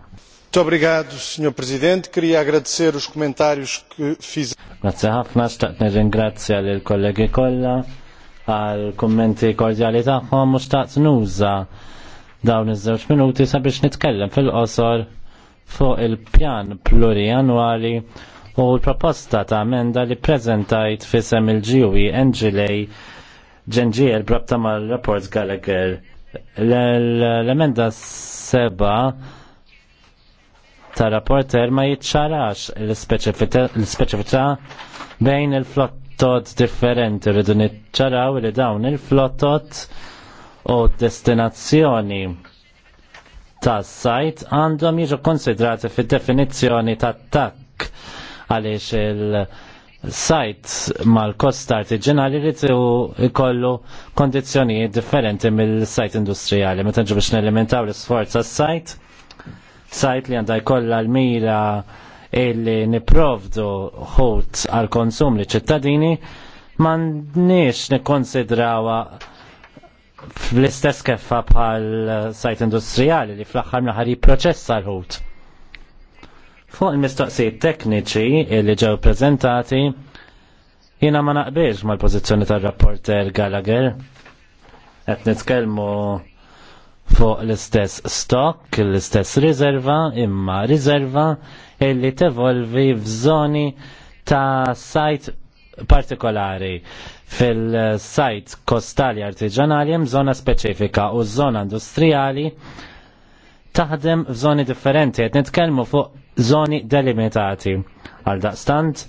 Muito obrigado, Sr. Presidente. Queria agradecer os comentários que fiz. Grazie ħafna, xtaqt nirringrazzja l kollegi kollha għal kummenti kordjali tagħhom u xtaqt nuża dawn iż-żewġ minuti sabiex nitkellem fil-qosor fuq il-pjan plurianwali u l-proposta ta' amenda li prezentajt fisem il-ġiwi Enġilej ġenġiel brabta mal rapport Gallagher. L-emenda seba ta' rapporter ma jitxarax l-speċifità bejn il-flottot differenti rridu nitċaraw li dawn il-flottot u destinazzjoni tas sajt għandhom jiġu konsidrati fid definizzjoni ta' takk għaliex il-sajt mal-kosta artiġinali li ikollu kondizzjonijiet differenti mill-sajt industrijali. Meta ġu biex nelimentaw l-sforz tas sajt sajt li għandha jkollha l-mira illi niprovdu ħut għal konsum li ċittadini, ma nix nikonsidrawa fl-istess keffa bħal sajt industrijali li fl-axħar naħar jipproċessa l-ħut. Fuq il-mistoqsijiet tekniċi li ġew prezentati, jiena ma naqbilx mal-pożizzjoni tar-rapporter Gallagher. Qed nitkellmu fuq l-istess stock, l-istess riserva, imma riserva illi tevolvi f'żoni ta' sajt partikolari fil-sajt kostali artiġanali hemm żona speċifika u żona industrijali taħdem f'żoni differenti qed nitkellmu fuq żoni delimitati. Għal daqstant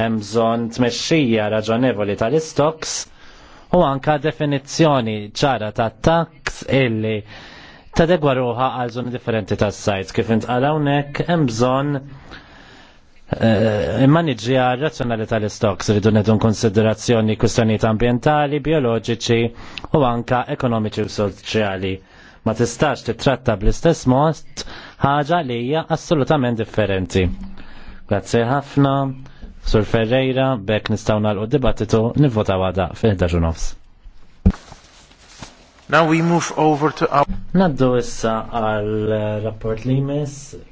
hemm bżonn tmexxija raġonevoli tal-istoks u anka definizzjoni ċara ta' tax illi tadegwa ruħa għal żoni differenti tas-sajt kif intqal hawnhekk hemm bżonn Eh, imma nġija razzjonali tal-istoks rridu nedu konsiderazzjoni kwistjonijiet ambientali, bioloġiċi u anka ekonomiċi u soċjali. Ma tistax titratta bl-istess mod ħaġa li hija assolutament differenti. Grazzi ħafna, Sur Ferreira, bekk nistgħu nagħlqu dibattitu nivvota għada fil-11 nofs. Now we move over to our... Naddu issa għal rapport li